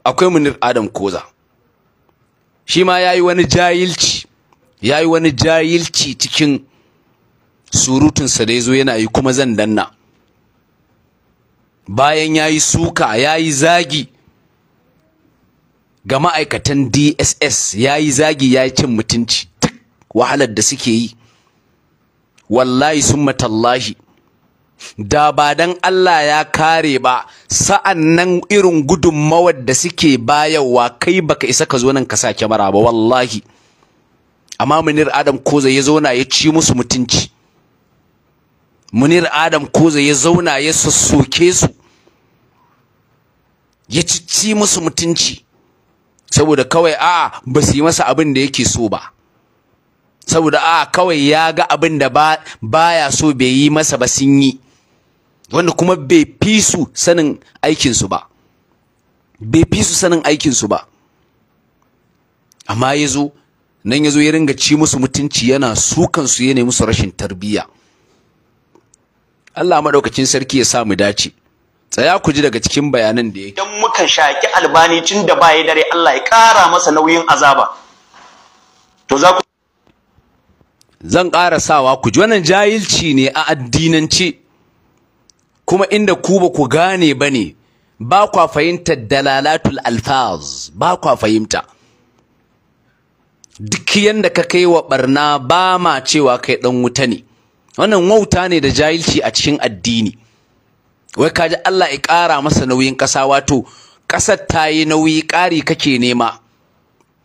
akwai munir adam koza shi ma yayi wani jahilci yayi wani jahilci cikin surutunsa da yazo yana yi kuma zan danna bayan yayi suka yayi zagi ga ma'aikatan DSS yayi zagi yayi cin mutunci wahalar da suke yi wallahi summa da ba dan Allah ya kare ba sa'an nan irin gudunmawar da suke bayarwa kai baka isa ka zo nan ka sa kyamara ba wallahi amma munir adam ko zai zo zauna ya ci musu mutunci munir adam ko zai ya zauna ya sassoke su ya ci musu mutunci saboda kawai a ba su yi masa abin da yake so ba saboda a kawai ya ga abin da ba ya so bai yi masa ba sun yi wanda kuma bai fi su sanin aikinsu ba bai fi su sanin aikinsu ba amma ya zo nan ya ya ringa ci musu mutunci yana sukansu ya nemi musu rashin tarbiyya Allah maɗaukacin sarki ya sa mu dace tsaya ku ji daga cikin bayanan da ya dan muka shaki albani tun da baya dare Allah ya ƙara masa nauyin azaba to za ku zan ƙara sawa ku ji wannan jahilci ne a addinance kuma inda ku ba ku gane ba ne ba kwa fahimta dalalatul alfaz ba kwa fahimta duk yanda ka kai wa barna ba ma cewa kai ɗan wuta ne wannan wauta ne da jahilci a cikin addini wai ka ji Allah ya ƙara masa nauyin ƙasa wato ƙasar ta yi nauyi ƙari kake nema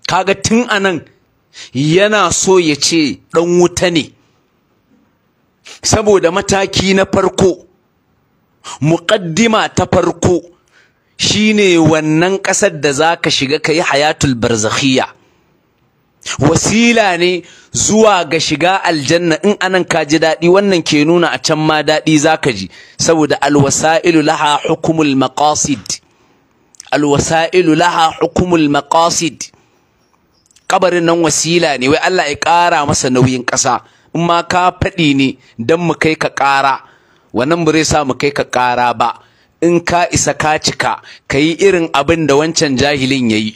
kaga tun anan yana so ya ce ɗan wuta ne saboda mataki na farko muqaddima ta farko shine wannan ƙasar da za ka shiga kayi hayatul barzakhiyya wasila ne zuwa ga shiga aljanna in anan ka ji daɗi wannan ke nuna a can ma daɗi za ka ji saboda alwasailu laha hukumul maqasid alwasailu laha hukumul maqasid kabarin nan wasila ne wai Allah ya ƙara masa nauyin ƙasa in ma ka faɗi ne dan mu kai ka ƙara wannan ba zai sa mu kai ka ƙara ba in ka isa ka cika ka yi irin abin da wancan jahilin ya yi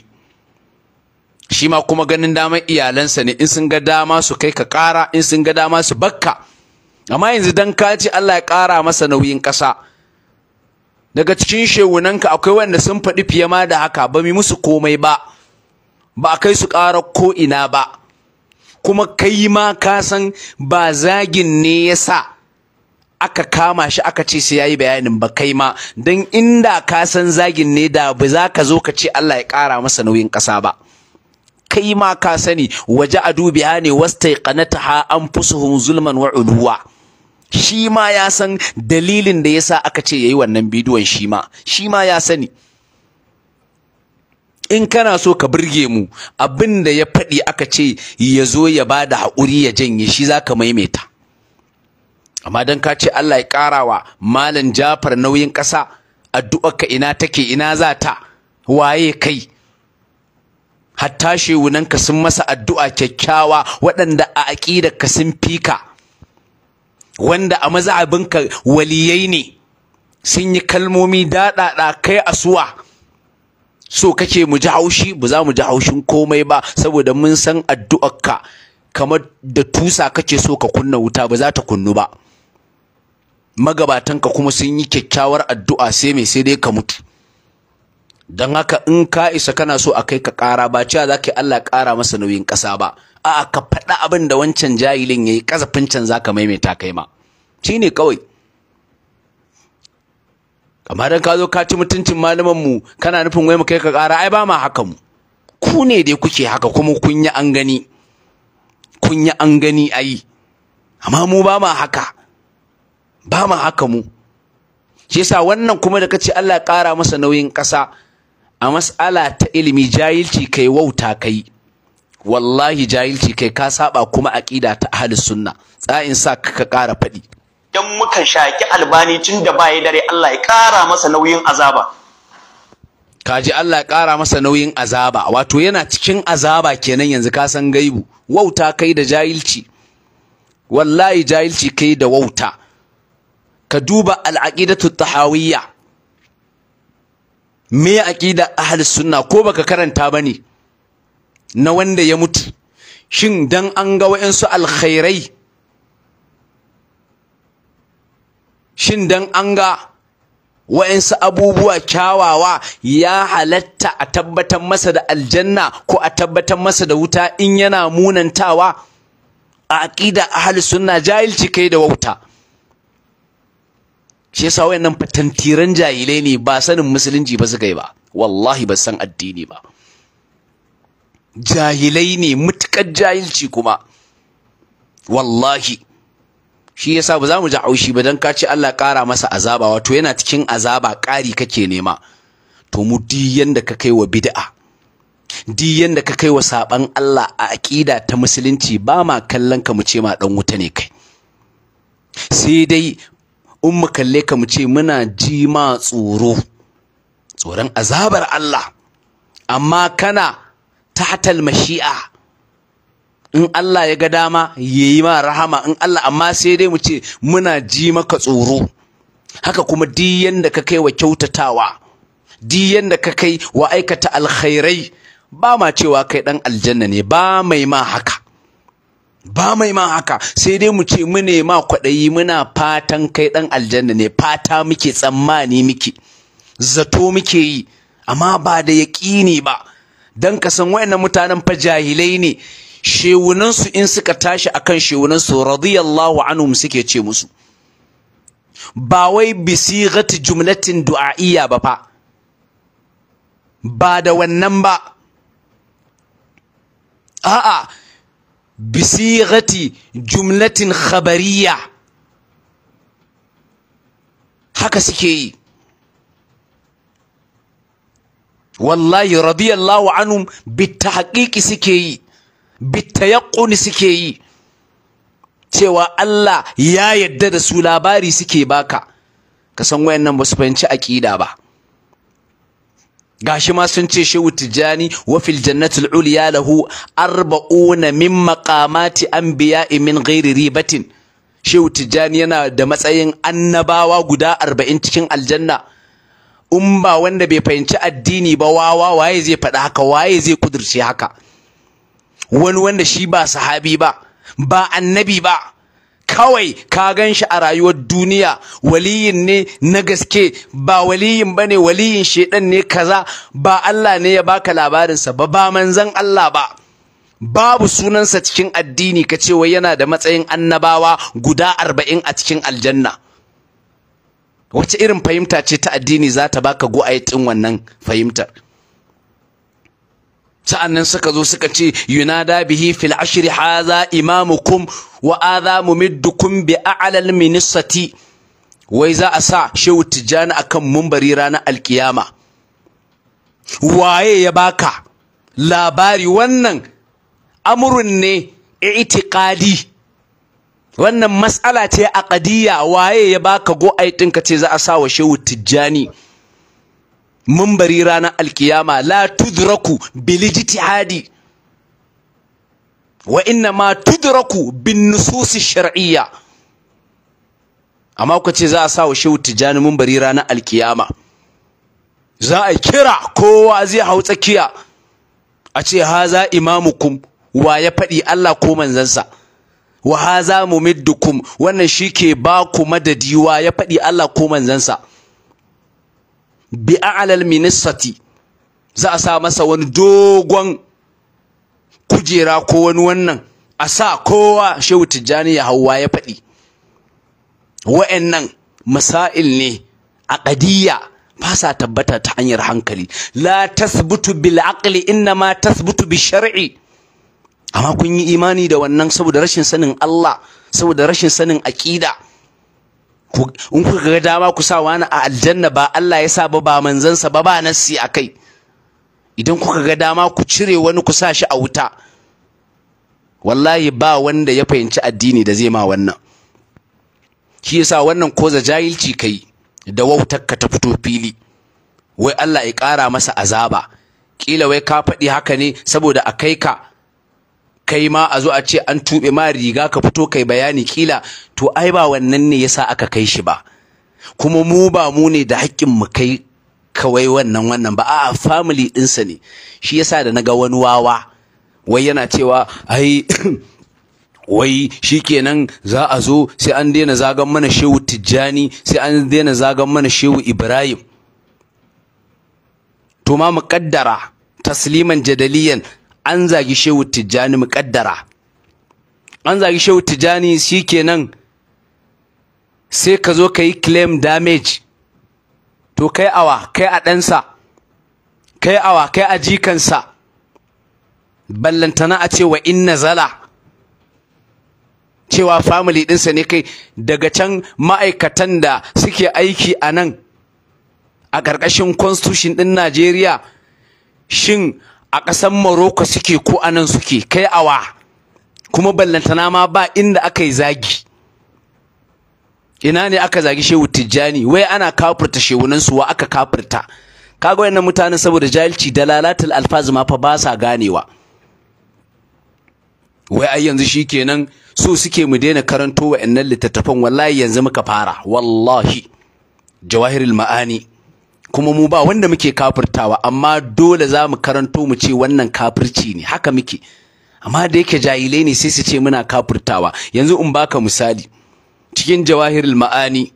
shi ma kuma ganin damar iyalansa ne in sun ga dama su kai ka ƙara in sun ga dama su bakka amma yanzu don ka ce Allah ya ƙara masa nauyin ƙasa daga cikin shewunanka akwai wanda sun faɗi fiye ma da haka ba mu musu komai ba ba a kai su ƙara ko ina ba kuma kai ma ka san ba zagin ne ya sa aka kama shi aka ce sai yayi bayanin ba kai ma dan inda ka san zagin ne da ba za ka zo ka ce Allah ya ƙara masa nauyin ƙasa ba kai ma ka sani waje a dubiya ne ha an anfusuhum zulman wa uluwa shi ma ya san dalilin da yasa aka ce yayi wannan bidiyon shi ma shi ma ya sani in kana so ka burge mu abin da ya faɗi aka ce ya zo ya bada haƙuri ya janye shi za ka maimaita amma don ka ce Allah ya ƙara wa malam Jafar nauyin ƙasa addu'arka ina take ina za ta waye kai hatta shewunanka sun masa addu'a kyakkyawa waɗanda a aƙidarka sun ka. wanda a maza'abinka waliyai ne sun yi kalmomi daɗaɗa kai a suwa. so kake mu ji haushi ba za mu ji haushin komai ba saboda mun san addu'arka kamar da tusa kake so ka kunna wuta ba za ta kunnu ba magabatanka kuma sun yi kyakkyawar addu'a sai mai sai dai ka mutu don haka in ka isa kana so a kai ka ƙara ba cewa za ka yi Allah ƙara masa nauyin ƙasa ba a ka faɗi abin da wancan jahilin ya yi ƙazafin can za ka maimaita kai ma shi ne kawai kamar dan ka zo ka ci mutuncin malaman mu kana nufin wai mu kai ka ƙara ai ba ma haka mu ku ne dai kuke haka kuma kun yi an gani kun yi an gani ai amma mu ba ma haka ba ma haka mu shi yasa wannan kuma da kace Allah ya ƙara masa nauyin ƙasa a mas'ala ta ilimi jahilci kai wauta kai wallahi jahilci kai ka saba kuma aqida ta ahli sunna tsayin sa ka ƙara faɗi dan muka shaki albani tun da ya dare Allah ya ƙara masa nauyin azaba kaji Allah ya ƙara masa nauyin azaba wato yana cikin azaba kenan yanzu ka san gaibu wauta kai da jahilci wallahi jahilci kai da wauta ka duba al'aqidatu tahawiyya me aƙida ahlus sunna ko baka karanta bane na wanda ya mutu shin dan an ga wayansu alkhairai shin dan an ga abubuwa kyawawa ya halatta a tabbatar masa da aljanna ko a tabbatar masa da wuta in yana munantawa a aqida ahli sunna jahilci kai da wuta shi yasa wayannan fatantiran jahilai ne ba sanin musulunci ba suka yi ba wallahi ba san addini ba jahilai ne mutukar jahilci kuma wallahi shi yasa ba za mu ji haushi ba dan ka ce Allah kara masa azaba wato yana cikin azaba kari kake nema to mu di yanda ka kai wa bid'a di yanda ka kai wa saban Allah a aqida ta musulunci ba ma kallon ka mu ce ma dan wuta ne kai sai dai in mu kalle ka mu ce muna ji ma tsoro tsoron azabar Allah amma kana tahtal mashi'a in Allah ya ga dama yayi ma rahama in Allah amma sai dai mu ce muna ji maka tsoro haka kuma duk yanda ka kai wa kyautatawa duk yanda ka kai wa aikata alkhairai ba ma cewa kai dan aljanna ne ba mai ma haka ba mai ma haka sai dai mu ce mu ne ma kwaɗayi muna fatan kai ɗan aljanna ne fata muke tsammani muke zato muke yi amma ba da yaƙini ba don ka san wayannan mutanen fa jahilai ne shewunansu in suka tashi akan shewunansu radiyallahu anhum suke ce musu ba wai bisighati jumlatin du'a'iyya ba fa ba da wannan ba a'a bisighati jumlatin khabariya haka suke yi wallahi radiyallahu anhum bitahqiqi suke yi bitayaqquni suke yi cewa Allah ya yadda da su labari suke baka kasan san wayannan ba su fahimci aqida ba gashi ma sun ce shehu tijani wa fil jannatil ulya lahu arba'una min maqamati anbiya'i min ghairi ribatin shehu tijani yana da matsayin annabawa guda arba'in cikin aljanna in ba wanda bai fahimci addini ba wawa waye zai faɗi haka waye zai kudurce haka wani wanda shi ba sahabi ba ba annabi ba kawai ka gan shi a rayuwar duniya waliyin ne na gaske ba waliyin ba ne waliyin shedan ne kaza ba Allah ne ya baka labarinsa ba ba manzan Allah ba babu sunansa cikin addini ka ce wai yana da matsayin annabawa guda arba'in a cikin aljanna wace irin fahimta ce ta addini za ta baka go'ayi ɗin wannan fahimtar sa'annan suka zo suka ce yunada bihi fil ashri hadha imamukum wa adha mumiddukum bi a'la al minisati wai za a sa shehu tijjani akan mumbari ranar alkiyama waye ya baka labari wannan amurin ne i'tiqadi wannan mas'ala ce aqdiyya waye ya baka go ai ɗinka ce za a sa wa shehu tijjani Mun bari ranar alkiyama la tudraku bilijtihadi wa inna ma tudraku bin nususi shar'iyya amma kuka ce za a sa wa shehu mun bari ranar alkiyama za a kira kowa zai hau tsakiya a ce haza imamukum wa ya faɗi Allah ko manzansa wa haza mumiddukum wannan shike ba ku madadi wa ya faɗi Allah ko manzansa bi a'lal minissati za a sa masa wani dogon kujera ko wani wannan a sa kowa shehu tijjani ya hawa ya faɗi wa'annan masail ne a ƙadiyya ba sa tabbata ta hanyar hankali la tasbutu bil aqli innama tasbutu bi shar'i amma kun yi imani da wannan saboda rashin sanin Allah saboda rashin sanin aqida in kuka ga dama ku sa wani a aljanna ba Allah ya sa ba ba manzansa ba ba nassi a kai idan kuka ga dama ku cire wani ku sa shi a wuta wallahi ba wanda ya fahimci addini da zai ma wannan shi yasa wannan ko za jahilci kai da ka ta fito fili wai Allah ya kara masa azaba kila wai ka faɗi haka ne saboda a kai ka kai ma a zo a ce an tuɓe ma riga ka fito kai bayani kila to ai ba wannan ne yasa aka kai shi ba kuma mu ba mu ne da haƙƙin mu kai kawai wannan wannan ba a'a family ɗinsa ne shi yasa da naga wani wawa wai yana cewa ai wai shi kenan za a zo sai an daina zagan mana shehu tijjani sai an daina zagan mana shehu ibrahim to ma muƙaddara tasliman jadaliyan an zagi shehu tijjani muƙaddara an zagi shehu tijjani shikenan sai ka zo ka yi claim damage to kai awa kai a ɗansa kai awa kai a jikansa ballantana a ce wa in nazala cewa family ɗinsa ne kai daga can ma'aikatan da suke aiki a nan a ƙarƙashin constitution ɗin Najeriya shin a ƙasar Morocco suke ko anan suke kai awa kuma ballantana ma ba inda aka yi zagi ina ne aka zagi shehu tijjani wai ana kafirta shehunansu wa aka kafirta kaga wannan mutanen saboda jahilci dalalatul alfaz ma fa ba sa ganewa wai ai yanzu shikenan so suke mu daina karanto wayannan littattafan wallahi yanzu muka fara wallahi jawahirul ma'ani kuma mu ba wanda muke kafirtawa amma dole za mu karanto mu ce wannan kafirci ne haka muke amma da yake jahilai ne sai su ce muna kafirtawa yanzu in baka misali cikin jawahirul ma'ani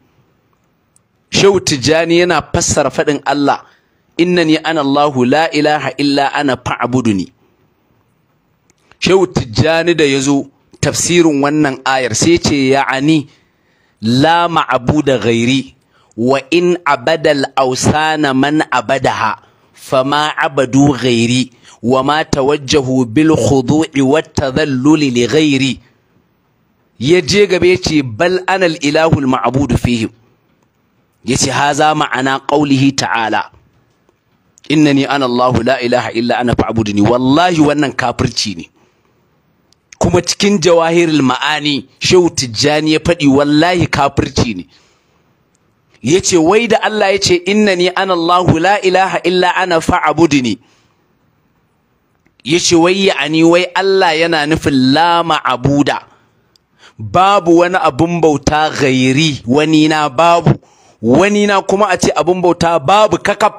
shehu tijjani yana fassara faɗin Allah innani ana Allahu la ilaha illa ana fa'buduni shehu tijjani da yazo tafsirin wannan ayar sai ce ya'ani la ma'abuda ghairi wa in abadal ausana man abadaha fama abadu ghairi wa ma tawajjahu bil khudu'i wat tadhalluli li ghairi ya je gabe ce bal anal ilahul ma'budu fihim yace haza ma'ana qaulihi ta'ala innani ana Allah la ilaha illa ana fa'buduni wallahi wannan kafirci ne kuma cikin jawahirul ma'ani shehu tijjani ya faɗi wallahi kafirci ne yace wai da Allah yace innani ana Allahu la ilaha illa ana fa'budni yace wai ya'ani wai Allah yana nufin la ma'buda babu wani abun bauta ghairi wani na babu wani na kuma a ce abun bauta babu kakab.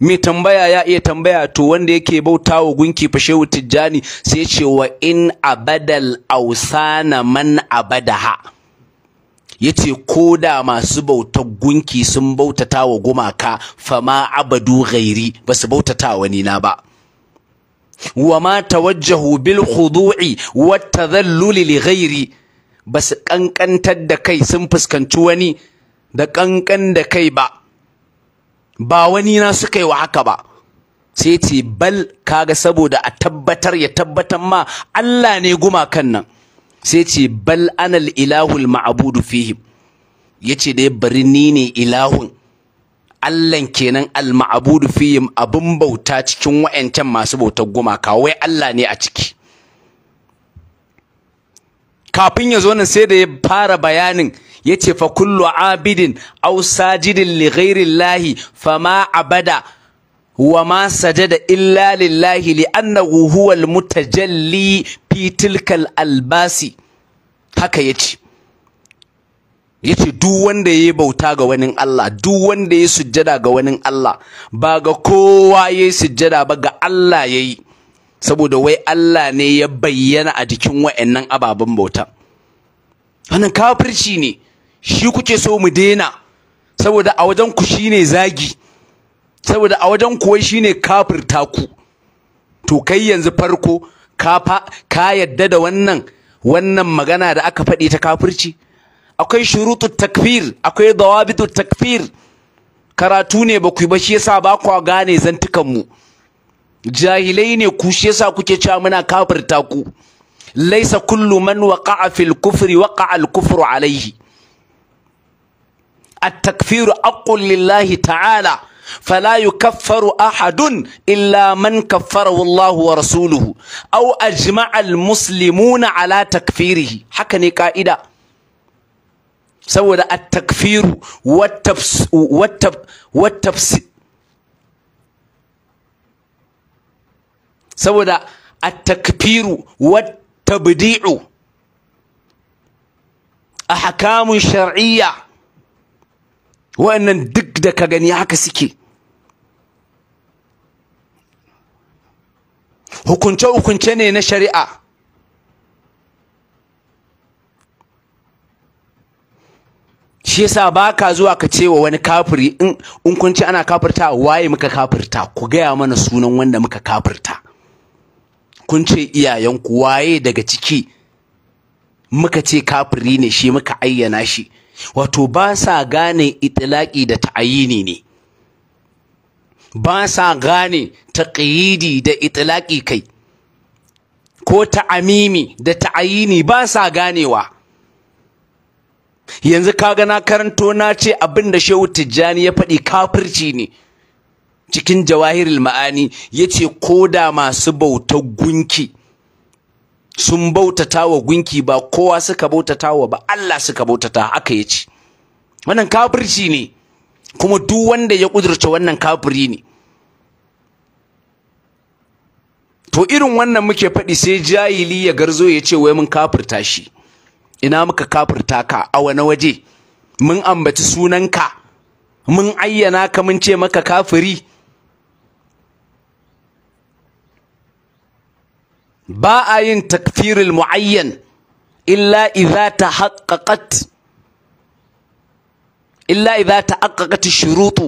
mai tambaya ya iya tambaya to wanda yake bauta wa gunki fashewu tijjani sai ce wa in abadal ausana man abadaha Ya ce ko da masu bautar gunki sun bautata wa gumaka fama abadu ghairi su bautata wani na ba Wa khudu'i توجهوا tadhalluli li ghairi bas kankantar da kai sun fuskanci wani da kankan da kai ba ba wani na suka yi wa haka ba sai ce bal kaga saboda a tabbatar ya tabbatar ma Allah ne gumakan nan sai ce bal anal ilahul ma'abudu fihim yace dai bari ni ne ilahun Allahn kenan al ma'abudu fihim abin bauta cikin wayancan masu bautar gumaka wai Allah ne a ciki kafin ya zo nan sai da ya fara bayanin ya ce fa kullu abidin au sajidin li ghairi llahi abada wa ma sajada illa lillahi annahu huwal mutajalli fi tilkal albasi haka yace yace duk wanda yayi bauta ga wani Allah duk wanda yayi sujjada ga wani Allah ba ga kowa yayi sujjada ba ga Allah yayi saboda wai Allah ne ya bayyana a jikin wa'annan ababen bauta wannan kafirci ne shi kuke so mu daina saboda a wajen ku shine zagi saboda a wajen kuwa shine kafirta ku to kai yanzu farko ka ka yadda da wannan wannan magana da aka faɗi ta kafirci akwai shurutu takfir akwai dawabitu takfir karatu ne ba ku ba shi yasa ba ku gane zantukan mu jahilai ne ku shi yasa kuke cewa muna kafirta ku laisa kullu man waqa'a fil kufri waqa'a al kufru alayhi at takfiru aqul lillahi ta'ala فلا يكفر أحد إلا من كفره الله ورسوله أو أجمع المسلمون على تكفيره حكني قائدة سود التكفير والتفس والتف والتفس سود التكفير والتبديع أحكام شرعية wa'annan duk da ka gani haka suke hukunce-hukunce ne na shari'a shi yasa ba ka zuwa ka ce wa wani kafiri in kunci ce ana kafirta waye muka kafirta ku gaya mana sunan wanda muka kafirta kun ce iyayenku waye daga ciki muka ce kafiri ne shi muka ayyana shi wato ba sa gane itilaki da ta'ayini ne ba sa gane taqyidi da itilaki kai ko ta'amimi da ta'ayini ba sa ganewa yanzu kaga na karanto na ce abin da Shehu Tijjani ya faɗi kafirci ne cikin jawahirul ma'ani yace koda masu bautar gunki sun bautata wa gunki ba kowa suka bautata wa ba Allah suka bautata yi yace wannan kafirci ne kuma duk wanda ya kudurce wannan kafiri ne to irin wannan muke faɗi sai jahili ya garzo ya ce wai mun kafirta shi ina muka kafirta ka a wani waje mun ambaci sunanka mun ayyana ka mun ce maka kafiri ba a yin takfiril muayyan illa idza tahaqqaqat illa idza ta ash shurutu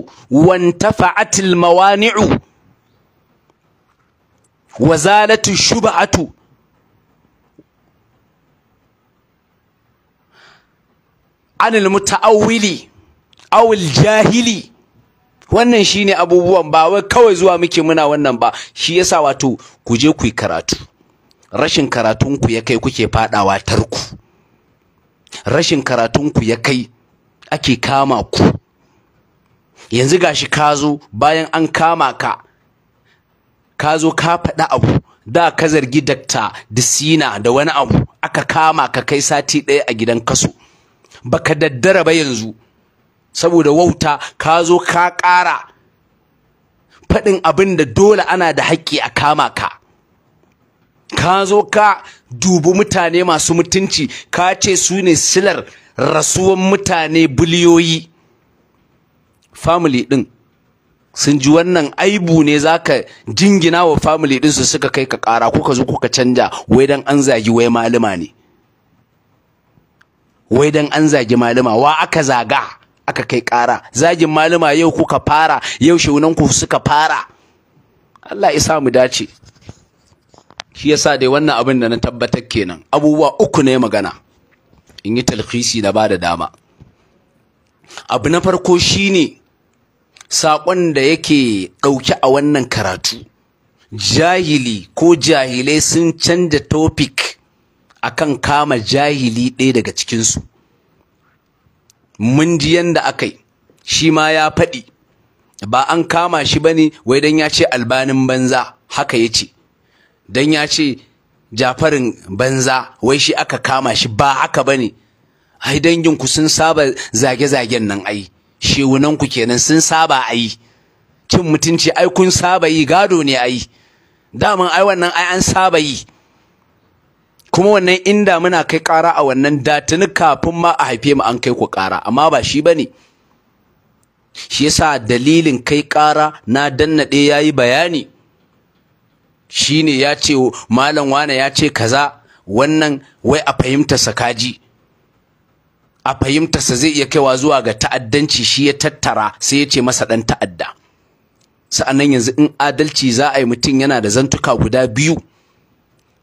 wa intafa'at al-mawani'u wa zalat shubatu an al-muta'awwili aw al-jahili wannan shine abubuwan ba kawai zuwa muke muna wannan ba shi yasa wato ku je ku yi karatu rashin karatunku ya kai kuke fadawa tarku rashin karatunku ya kai ake kama ku yanzu gashi ka zo bayan an kama ka ka zo ka faɗi abu da ka zargi dakta disina da wani abu aka kama ka kai sati ɗaya a gidan kaso baka daddara ba yanzu saboda wauta ka zo ka ƙara faɗin abin da dole ana da haƙƙi a kama ka ka zo ka dubi mutane masu mutunci ka ce su ne silar rasuwan mutane biliyoyi family din sun ji wannan aibu ne zaka jingina wa family din su suka kai ka kara kuka zo kuka canja wai dan an zagi wai malama ne wai dan an zagi malama wa aka zaga aka kai kara zagin malama yau kuka fara yau shaunan ku suka fara Allah ya sa mu dace shi yasa dai wannan abin da na tabbatar kenan abubuwa uku ne magana in yi talhisi na da dama abu na farko shine saƙon da yake ɗauke a wannan karatu jahili ko jahilai sun canja topic akan kama jahili ɗaya daga cikinsu mun ji yanda aka yi shi ma ya faɗi ba an kama shi ba ne wai don ya ce albanin banza haka ya ce dan ya ce jafarin banza wai shi aka kama shi ba haka ne. ai dangin sun saba zage-zagen nan ai shewunan kenan sun saba ai cin mutunci ai kun saba yi gado ne ai daman ai wannan ai an saba yi kuma wannan inda muna kai ƙara a wannan datini kafin ma a haife mu an kai ku ƙara amma ba shi ba ne shi yasa dalilin kai ƙara na dannaɗe ya yi bayani shine ya ce malam wane ya ce kaza wannan wai a fahimtarsa kaji a fahimtarsa zai iya kaiwa zuwa ga ta'addanci shi ya tattara sai ya ce masa ɗan ta'adda sa'annan yanzu in adalci za a yi mutum yana da zantuka guda biyu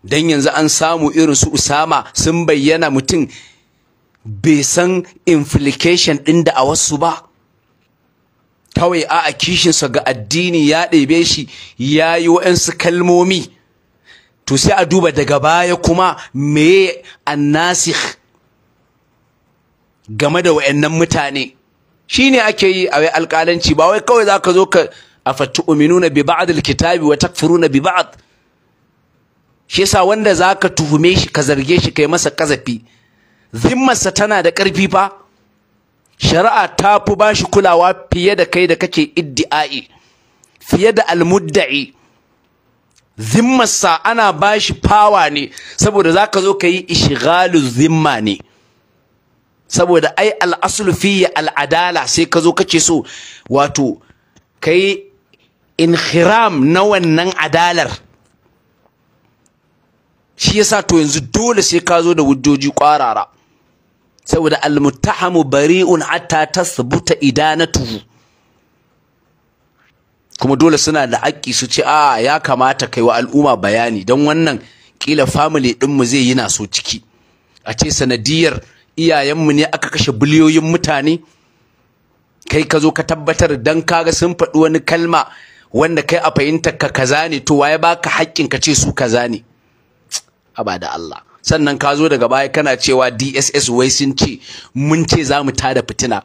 dan yanzu an samu irin su usama sun bayyana mutum bai san implication ɗin da a wasu ba kawai a kishinsa ga addini ya ɗebe shi ya yi wa'yansu kalmomi to sai a duba daga baya kuma me annasikh game da wa'annan mutane shine ake yi a wai alƙalanci ba wai kawai zaka zo ka afatu'minuna bi ba'd alkitabi wa takfuruna bi ba'd shi yasa wanda zaka tuhume shi ka zarge shi kai masa kazafi zimmarsa tana da ƙarfi fa shari'a ta fi ba shi kulawa fiye da kai da kake iddi'ai fiye da almudda'i zimmarsa ana ba shi fawa ne saboda za ka zo ka yi ishigalu zimma ne saboda ai al'asulu fiye al'adala sai ka zo kace so wato ka yi inhiram na wannan adalar shi yasa to yanzu dole sai ka zo da wujjoji ƙwarara saboda almuttahamu bari'un hatta tasbuta idanatuhu kuma dole suna da haƙƙi su ce a ya kamata kai wa al'umma bayani don wannan kila family ɗinmu zai yi na so ciki a ce sanadiyar iyayenmu ne aka kashe biliyoyin mutane kai ka zo ka tabbatar dan kaga sun faɗi wani kalma wanda kai a fahimtar ka kaza ne to waye baka haƙƙin ka ce su kaza ne abada Allah sannan ka zo daga baya kana cewa DSS wai sun ce mun ce za mu tada fitina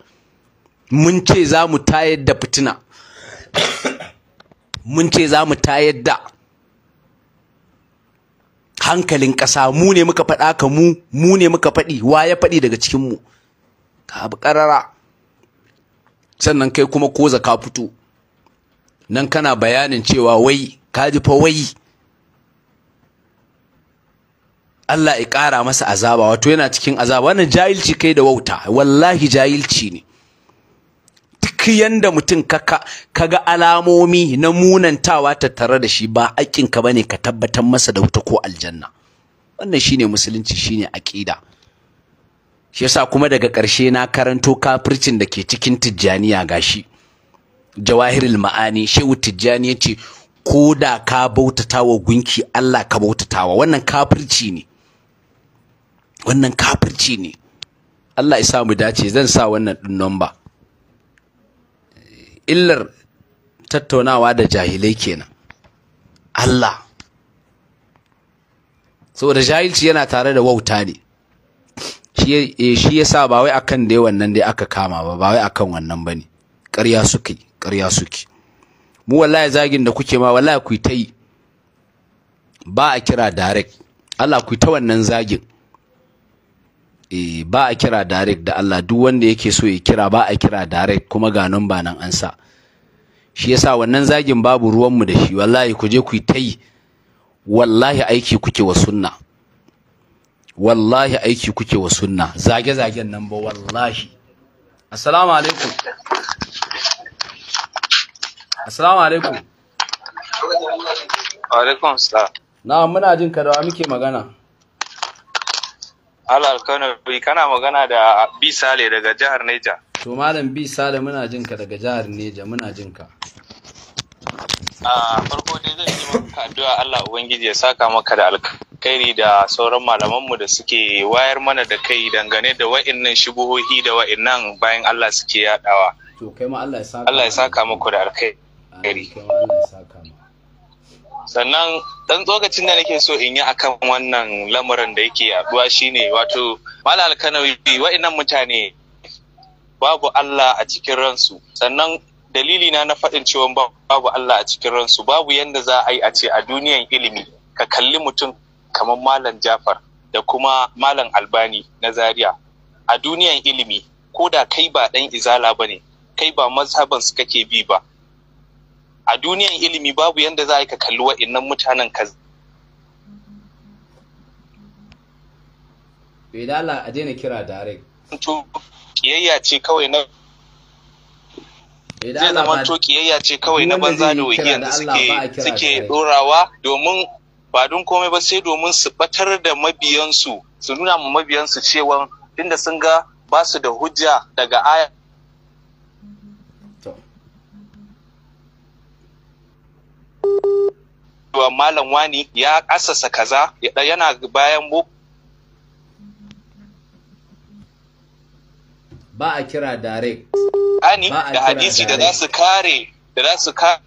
mun ce za mu tayar da fitina mun ce za mu tayar da hankalin ƙasa mu ne muka faɗa ka mu mu ne muka faɗi wa ya faɗi daga cikinmu ka abu ƙarara sannan kai kuma koza ka fito nan kana bayanin cewa wai ka ji fa wai Allah ya ƙara masa azaba wato yana cikin azaba wannan jahilci kai da wauta wallahi jahilci ne duk yanda mutum kaka kaga alamomi na munantawa ta tare da shi ba haƙƙin ka bane ka tabbatar masa da wuta ko aljanna wannan shine musulunci shine aqida shi yasa kuma daga ƙarshe na karanto kafircin da ke cikin tijjaniya gashi jawahirul ma'ani shehu tijjani yace ko da ka bautatawa gunki Allah ka bautatawa wannan kafirci ne wannan kafirci ne Allah ya sa mu dace zan sa wannan ɗin number illar tattaunawa da jahilai kenan Allah saboda jahilci yana tare da wauta ne eh, shi ya sa ba wai akan dai wannan dai aka kama ba ba wai akan wannan ba ne ƙarya suke ƙarya suke mu wallahi zagin da kuke ma wallahi ku ta yi ba a kira direct Allah ku ta wannan zagin e, ba a kira direct da Allah duk wanda yake so ya kira ba a kira direct kuma ga ba nan an sa shi yasa wannan zagin babu ruwanmu da shi wallahi ku je ku yi tai wallahi aiki kuke wa sunna wallahi aiki kuke wa sunna zage zagen nan ba wallahi assalamu alaikum assalamu alaikum alaikum assalam na muna jin ka da muke magana Alal Kanabi kana magana da B Sale daga jihar Neja. To Malam B Sale muna jin ka daga jihar Neja muna jin ka. A farko dai zan yi maka addu'a Allah Ubangiji ya saka maka da alkhairi da sauran malamanmu da suke wayar mana da kai dangane da wa'innan shubuhohi da wa'innan bayan Allah suke yadawa. To kai ma Allah ya saka. Allah ya saka muku da alkhairi. Allah ya saka. sannan dan tsokacin da nake so in yi akan wannan lamarin da yake yaduwa shine wato malal alkanawi wa'annan mutane babu Allah a cikin ransu sannan dalili na na faɗin cewa babu Allah a cikin ransu babu yanda za a yi a ce a duniyan ilimi ka kalli mutum kamar malam Jafar da kuma malam Albani na Zaria a duniyan ilimi ko da kai ba ɗan izala ne, kai ba mazhaban su kake bi ba a duniyan ilimi babu yanda za a yi ka kalli wa'innan mutanen ka Bilala a daina kira To kiyayya ce kawai na zai zama to kiyayya ce kawai na banza da wigiyar da suke ɗorawa, dorawa domin ba don komai ba sai domin su batar da mabiyansu su nuna ma mabiyansu cewa tunda sun ga ba su da hujja daga aya cewa malam wani ya kasasa kaza yana bayan bu ba a kira direct ani da hadisi da za su kare da za su kare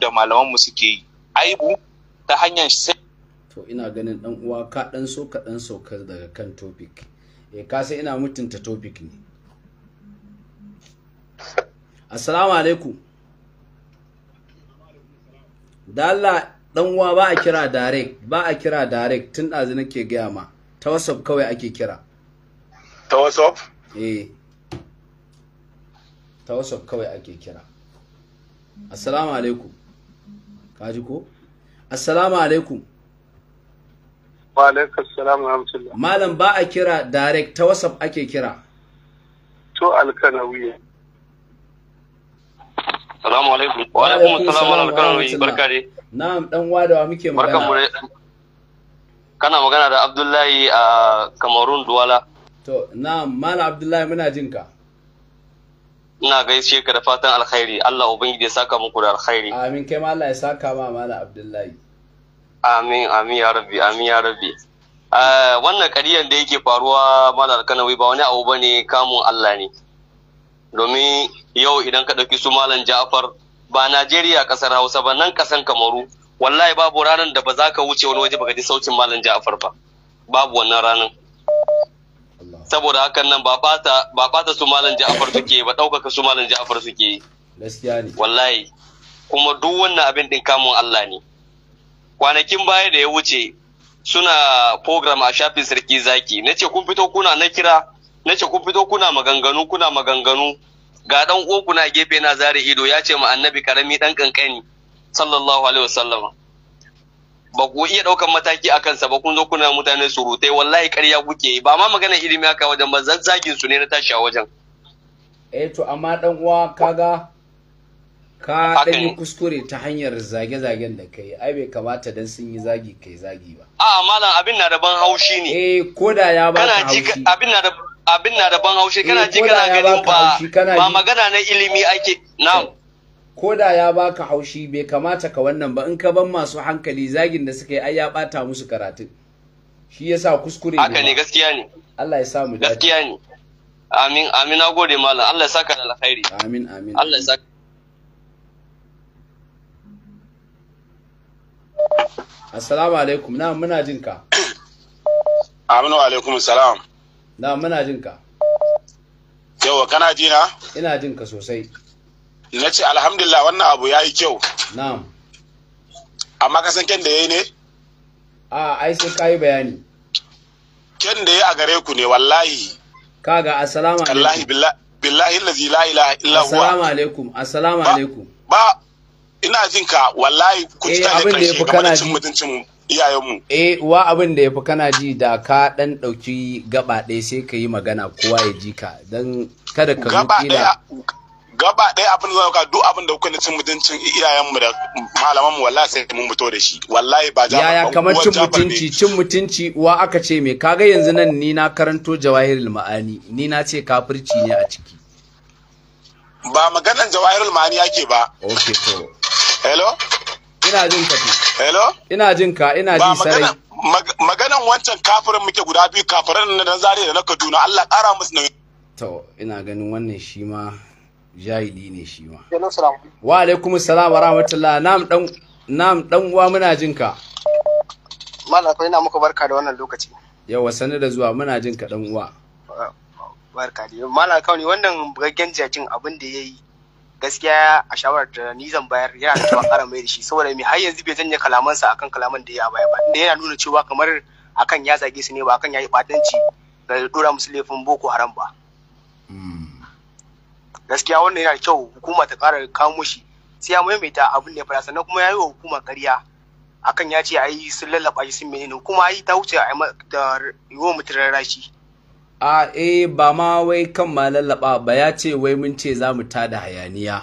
da malamanmu suke yi aibu ta hanyar sai to ina ganin dan uwa ka dan so ka dan saukar daga kan topic eh ka sai ina mutunta topic ne assalamu alaikum da ɗanwa ba a kira direct ba a kira direct tun ɗazu nake gaya ma ta whatsapp kawai ake kira ta whatsapp eh ta whatsapp kawai ake kira assalamu alaikum kaji ko assalamu alaikum wa alaikum assalam wa malam ba a kira direct ta whatsapp ake kira to alkanawiyar. Salamu alaikum. Wa alaikum salam wa alaikum barka dai. Na'am dan wadawa muke magana. Barkan mu Kana magana da Abdullahi a Kamarun Duwala. To na'am Malam Abdullahi muna jin ka. Ina gaishe ka da fatan alkhairi. Allah ubangiji ya saka muku da alkhairi. Amin kai ma Allah ya saka ma Malam Abdullahi. Amin amin ya rabbi amin ya rabbi. wannan ƙariyar da yake faruwa malar kanawi ba wani abu ba ne kamun Allah ne. domin yau idan ka ɗauki su malam ja'far ba najeriya ƙasar hausa ba nan ƙasan kamaru wallahi babu ranar da ba za ka wuce wani waje baka ji saucin malam ja'far ba babu wannan ranar saboda hakan nan ba bata ba bata su malam ja'far suke ba ɗaukaka su malam ja'far suke gaskiya ne wallahi kuma duk wannan abin din kamun Allah ne kwanakin baya da ya wuce suna program a shafin sarki zaki na ce kun fito kuna na kira na ce ku fito kuna maganganu kuna maganganu ga dan uwanku na gefe na zare ido ya ce ma annabi karami dan kankani sallallahu alaihi wasallama ba ku iya daukan mataki a kansa ba kun zo kuna mutane surutai wallahi ƙarya kuke ba ma magana ilimi haka wajen ba zazzagin su ne na tashi a wajen eh to amma dan uwa kaga ka dan yi kuskure ta hanyar zage-zagen da kai ai bai kamata dan sun yi zagi kai zagi ba a malam abin na da ban haushi ne eh koda ya ba ka haushi abin na da abin na da ban haushi kana eh, ji kana gani ba ba magana na ilimi ake na'am ko da ya baka haushi bai kamata ka wannan ba in ka ban masu hankali zagin da suka yi ai ya bata musu karatu shi yasa kuskure ne haka ne gaskiya ne Allah ya sa mu dace gaskiya ne amin amin gode mallam Allah ya saka da alkhairi amin amin Allah ya saka Assalamu alaikum na muna jin ka Aminu alaikum salam na muna jin ka yawa kana ji na ina jin ka sosai na ce alhamdulillah wannan abu ya yi kyau na'am amma ka san ken da ya yi ne a ai sai ka yi bayani ken da ya a gare ku ne wallahi kaga assalamu alaikum wallahi billahi allazi la ilaha illa huwa assalamu alaikum assalamu alaikum ba ina jin ka wallahi kun ji eh, da karshe ga mutuncin mutuncin iyayenmu. Eh wa abin da ya fi kana ji da ka ɗan ɗauki gaba ɗaya sai ka yi magana kowa ya ji ka don kada ka zo kila. Gaba ɗaya abin da ka duk abin da kuka cin mutuncin iyayenmu da malaman mu, wallahi sai mun mutu da shi wallahi ba jama'a Yaya kamar cin mutunci cin mutunci wa aka ce me kaga yanzu nan ni na karanto jawahirul ma'ani ni na ce kafirci ne a ciki. Ba maganan jawahirul ma'ani yake ba. Okay to. Hello? ina jin ka hello ina jin ka ina ji sarai maganan wancan kafirin muke guda biyu kafirin na zare da na Kaduna Allah ƙara musu nauyi to ina ganin wannan shi ma jahili ne shi ma wa alaikum salam wa rahmatullah nam dan nam dan uwa muna jin ka mallam akwai ina muku barka da wannan lokaci yawa sani da zuwa muna jin ka dan uwa barka da mallam kawai wannan bugaggen jajin abin da yayi gaskiya a shawarar da ni zan bayar yana da cewa ƙara mai da shi saboda mai har yanzu bai janye kalamansa akan kalaman da ya baya ba inda yana nuna cewa kamar akan ya zage su ne ba akan ya yi batanci da dora musu laifin boko haram ba gaskiya wannan yana da kyau hukuma ta ƙara kamo shi sai ya maimaita abin da ya faɗa sannan kuma ya yi wa hukuma ƙarya akan ya ce a yi sun lallaɓa shi sun menene hukuma ai ta wuce a yi wa mutum rarrashi. a eh ba ma wai kan ma lallaba ba ya ce wai mun ce za mu tada hayaniya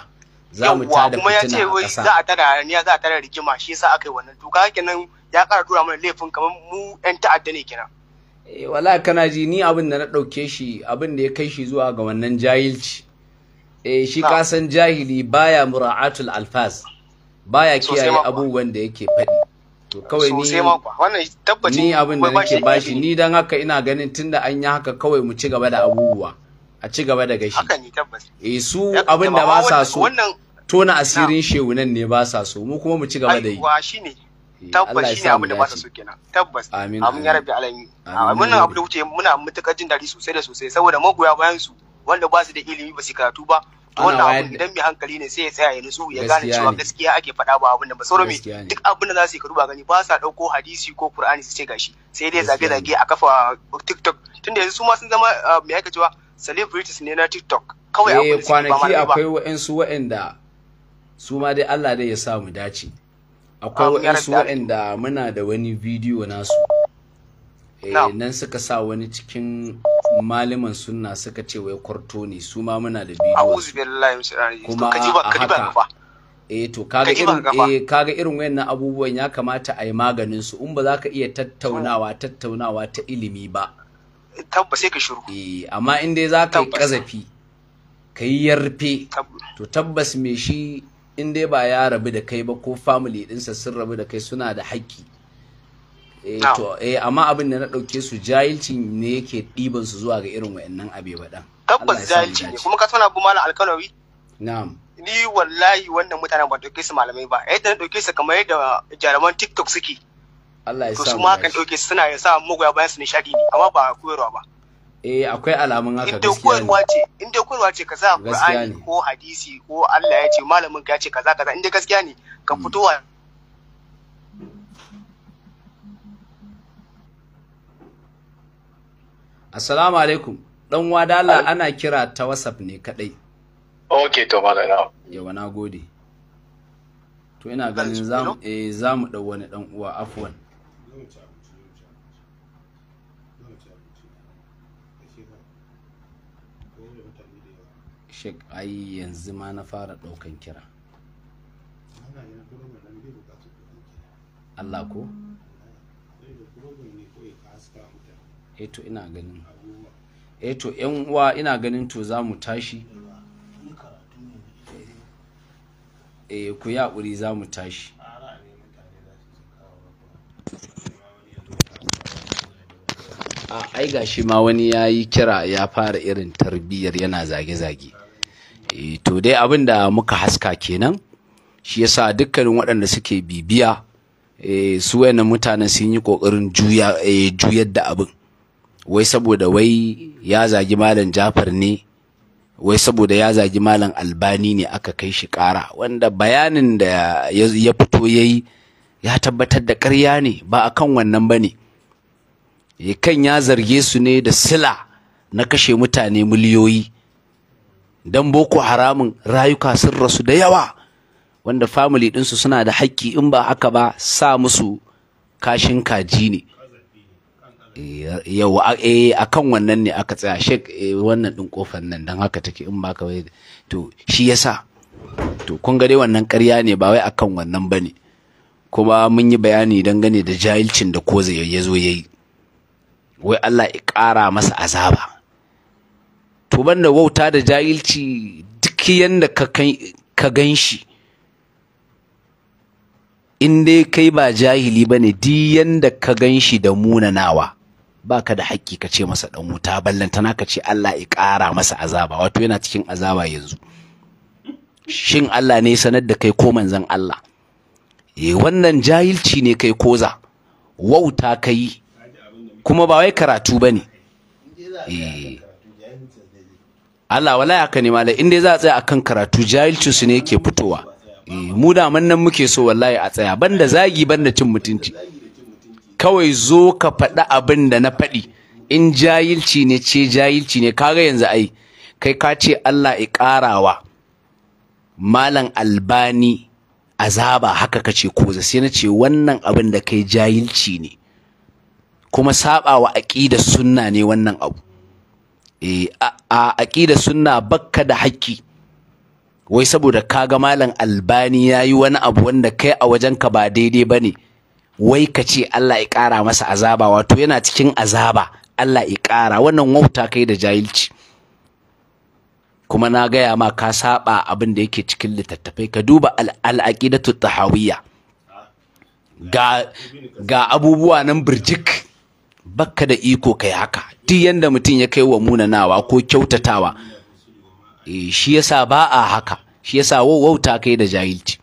za mu tada kuma ya ce wai za a tada hayaniya za a tada rigima shi yasa aka yi wannan to ka kenan ya ƙara tura mana laifin kamar mu yan ta'adda ne kenan eh wala kana ji ni abin da na ɗauke shi abin da ya kai shi zuwa ga wannan jahilci eh shi ka san jahili baya mura'atul alfaz baya kiyaye abubuwan da yake faɗi to kawai ni wannan tabbacin ni abin da nake bashi ni dan haka ina ganin tunda an yi haka kawai mu ci gaba da abubuwa a ci gaba da gashi haka ni tabbas eh su abin da ba sa so tona asirin shehu nan ne ba sa so mu kuma mu ci gaba da yi ne eh, tabbas shi ne abin da ba sa so kenan tabbas amin amin ya rabbi alamin amin abu da wuce muna mutukar jin dadi sosai da sosai saboda magoya bayan su wanda ba su da ilimi ba su karatu ba wannan abu idan mai hankali ne sai ya tsaya ya nutsu ya gane cewa gaskiya ake faɗa ba abin da ba sauran duk abin da za su yi ka duba gani ba sa ɗauko hadisi ko qur'ani su ce gashi sai dai zage-zage a kafa tiktok tunda yanzu su ma sun zama ah, mai aka cewa celebrities ne na tiktok kawai abu da eh, kwanaki akwai wa'ansu wa'anda su ma dai Allah dai ya sa mu dace akwai ah, wa'ansu wa'anda muna da wani bidiyo nasu Eh, nan suka sa wani cikin malaman sunna suka ce wai kwarto ne su ma muna da bidiyo kuma a haka eh to kaga irin eh kaga irin wayannan abubuwan ya kamata a yi maganin su in ba za ka iya tattaunawa oh. tattaunawa ta ilimi ba tabba sai ka shiru eh amma in dai za ka yi kazafi ka yi yarfe to tabbas me shi in dai ba ya rabu da kai ba ko family ɗinsa sun rabu da kai suna da haƙƙi Eh, eh amma abin da na dauke su jahilci ne yake ɗiban su zuwa ga irin wayannan abe dan Tabbas jahilci ne kuma ka tana bu malam alkanawi. Na'am. Ni wallahi wannan mutanen ba dauke su malamai ba yadda na dauke su kamar yadda jaruman TikTok suke. Allah ya sa. To su ma kan dauke su suna sa magoya bayan su shadi ne amma ba koyarwa ba. Eh akwai alamun haka gaskiya ne. ce in dai koyarwa ce kaza Qur'ani ko hadisi ko Allah ya ce malamin ka ya ce kaza kaza in dai gaskiya ne ka mm. fito wa Assalamu alaikum. ɗan wadala ana kira ta wasaf ne kadai. Ok, to malala. Yawa na gode. To ina ganin eh, za mu ɗau wani dan uwa afwan. shek ai yanzu ma na fara ɗaukan kira. Allah ko? eto eh ina ganin eto eh yan uwa ina ganin to za mu tashi eh ku ya za mu tashi a ai gashi ma wani ya yi kira ya fara irin tarbiyyar yana zage-zage eh to dai abin da muka haska kenan shi yasa dukkanin waɗanda suke bibiya su wayannan mutanen sun yi ƙoƙarin juyar da abin wai saboda wai ya zagi malam jafar ne wai saboda ya zagi malam albani ne aka kai shi kara wanda bayanin da ya fito ya yi ya tabbatar da karya ne ba a kan wannan ba ne eh, kan ya zarge su ne da sila na kashe mutane miliyoyi don boko haramun rayuka sun rasu da yawa wanda famili ɗinsu suna da haƙƙi in ba haka ba sa musu kashin kaji ne yau eh, a kan wannan ne aka tsaya shek eh, wannan ɗin kofar nan don haka take in ba kawai to shi yasa to kun ga dai wannan karya ne ba wai akan wannan ba kuma mun yi bayani dangane da jahilcin da koza ya zo ya yi wai Allah ya ƙara masa azaba to banda wauta da jahilci duk yanda ka gan shi in dai kai ba jahili ba ne duk yanda ka gan shi da munanawa baka da hakki ka ce masa dan wuta ballantana ka ce Allah ya ƙara masa azaba wato yana cikin azaba yanzu shin Allah ne sanar da kai ko manzon Allah eh wannan jahilci ne kai koza wauta kai kuma ba wai karatu bane eh Allah wala haka ne malai in dai za a tsaya akan karatu jahilci su ne yake fitowa eh, mu da nan muke so wallahi a tsaya banda zagi banda cin mutunci kawai zo ka faɗi abin da na faɗi in jahilci ne ce jahilci ne kaga yanzu ai kai ka ce Allah ya ƙarawa malam albani azaba haka kace ko sai na ce wannan abin da kai jahilci ne kuma sabawa aqida sunna ne wannan abu eh a aqida sunna bakka da haƙƙi wai saboda kaga malam albani yayi wani abu wanda kai a wajenka ba daidai bane ne wai ka ce Allah ya ƙara masa azaba wato yana cikin azaba Allah ya ƙara wannan wauta kai da jahilci kuma na gaya ma ka saba abin da yake cikin littattafai ka duba al'aqidatu tahawiyya ga ga abubuwa nan birjik bakka da iko kai haka duk yanda mutum ya kai wa munanawa ko kyautatawa eh, shi yasa ba a haka shi yasa wauta kai da jahilci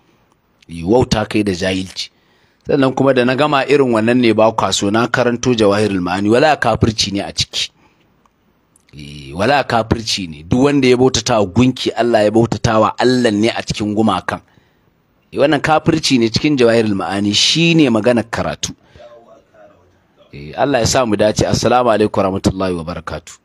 eh, wauta kai da jahilci sannan kuma da na gama irin wannan ne ba kwaso na karanto jawahirul ma'ani wala kafirci ne a ciki eh, wala kafirci ne duk wanda ya bautata wa gunki Allah ya bautata wa Allah ne a cikin gumakan eh, wannan kafirci ne cikin jawahirul ma'ani shine maganar karatu eh, Allah ya sa mu dace assalamu alaikum warahmatullahi wabarakatuh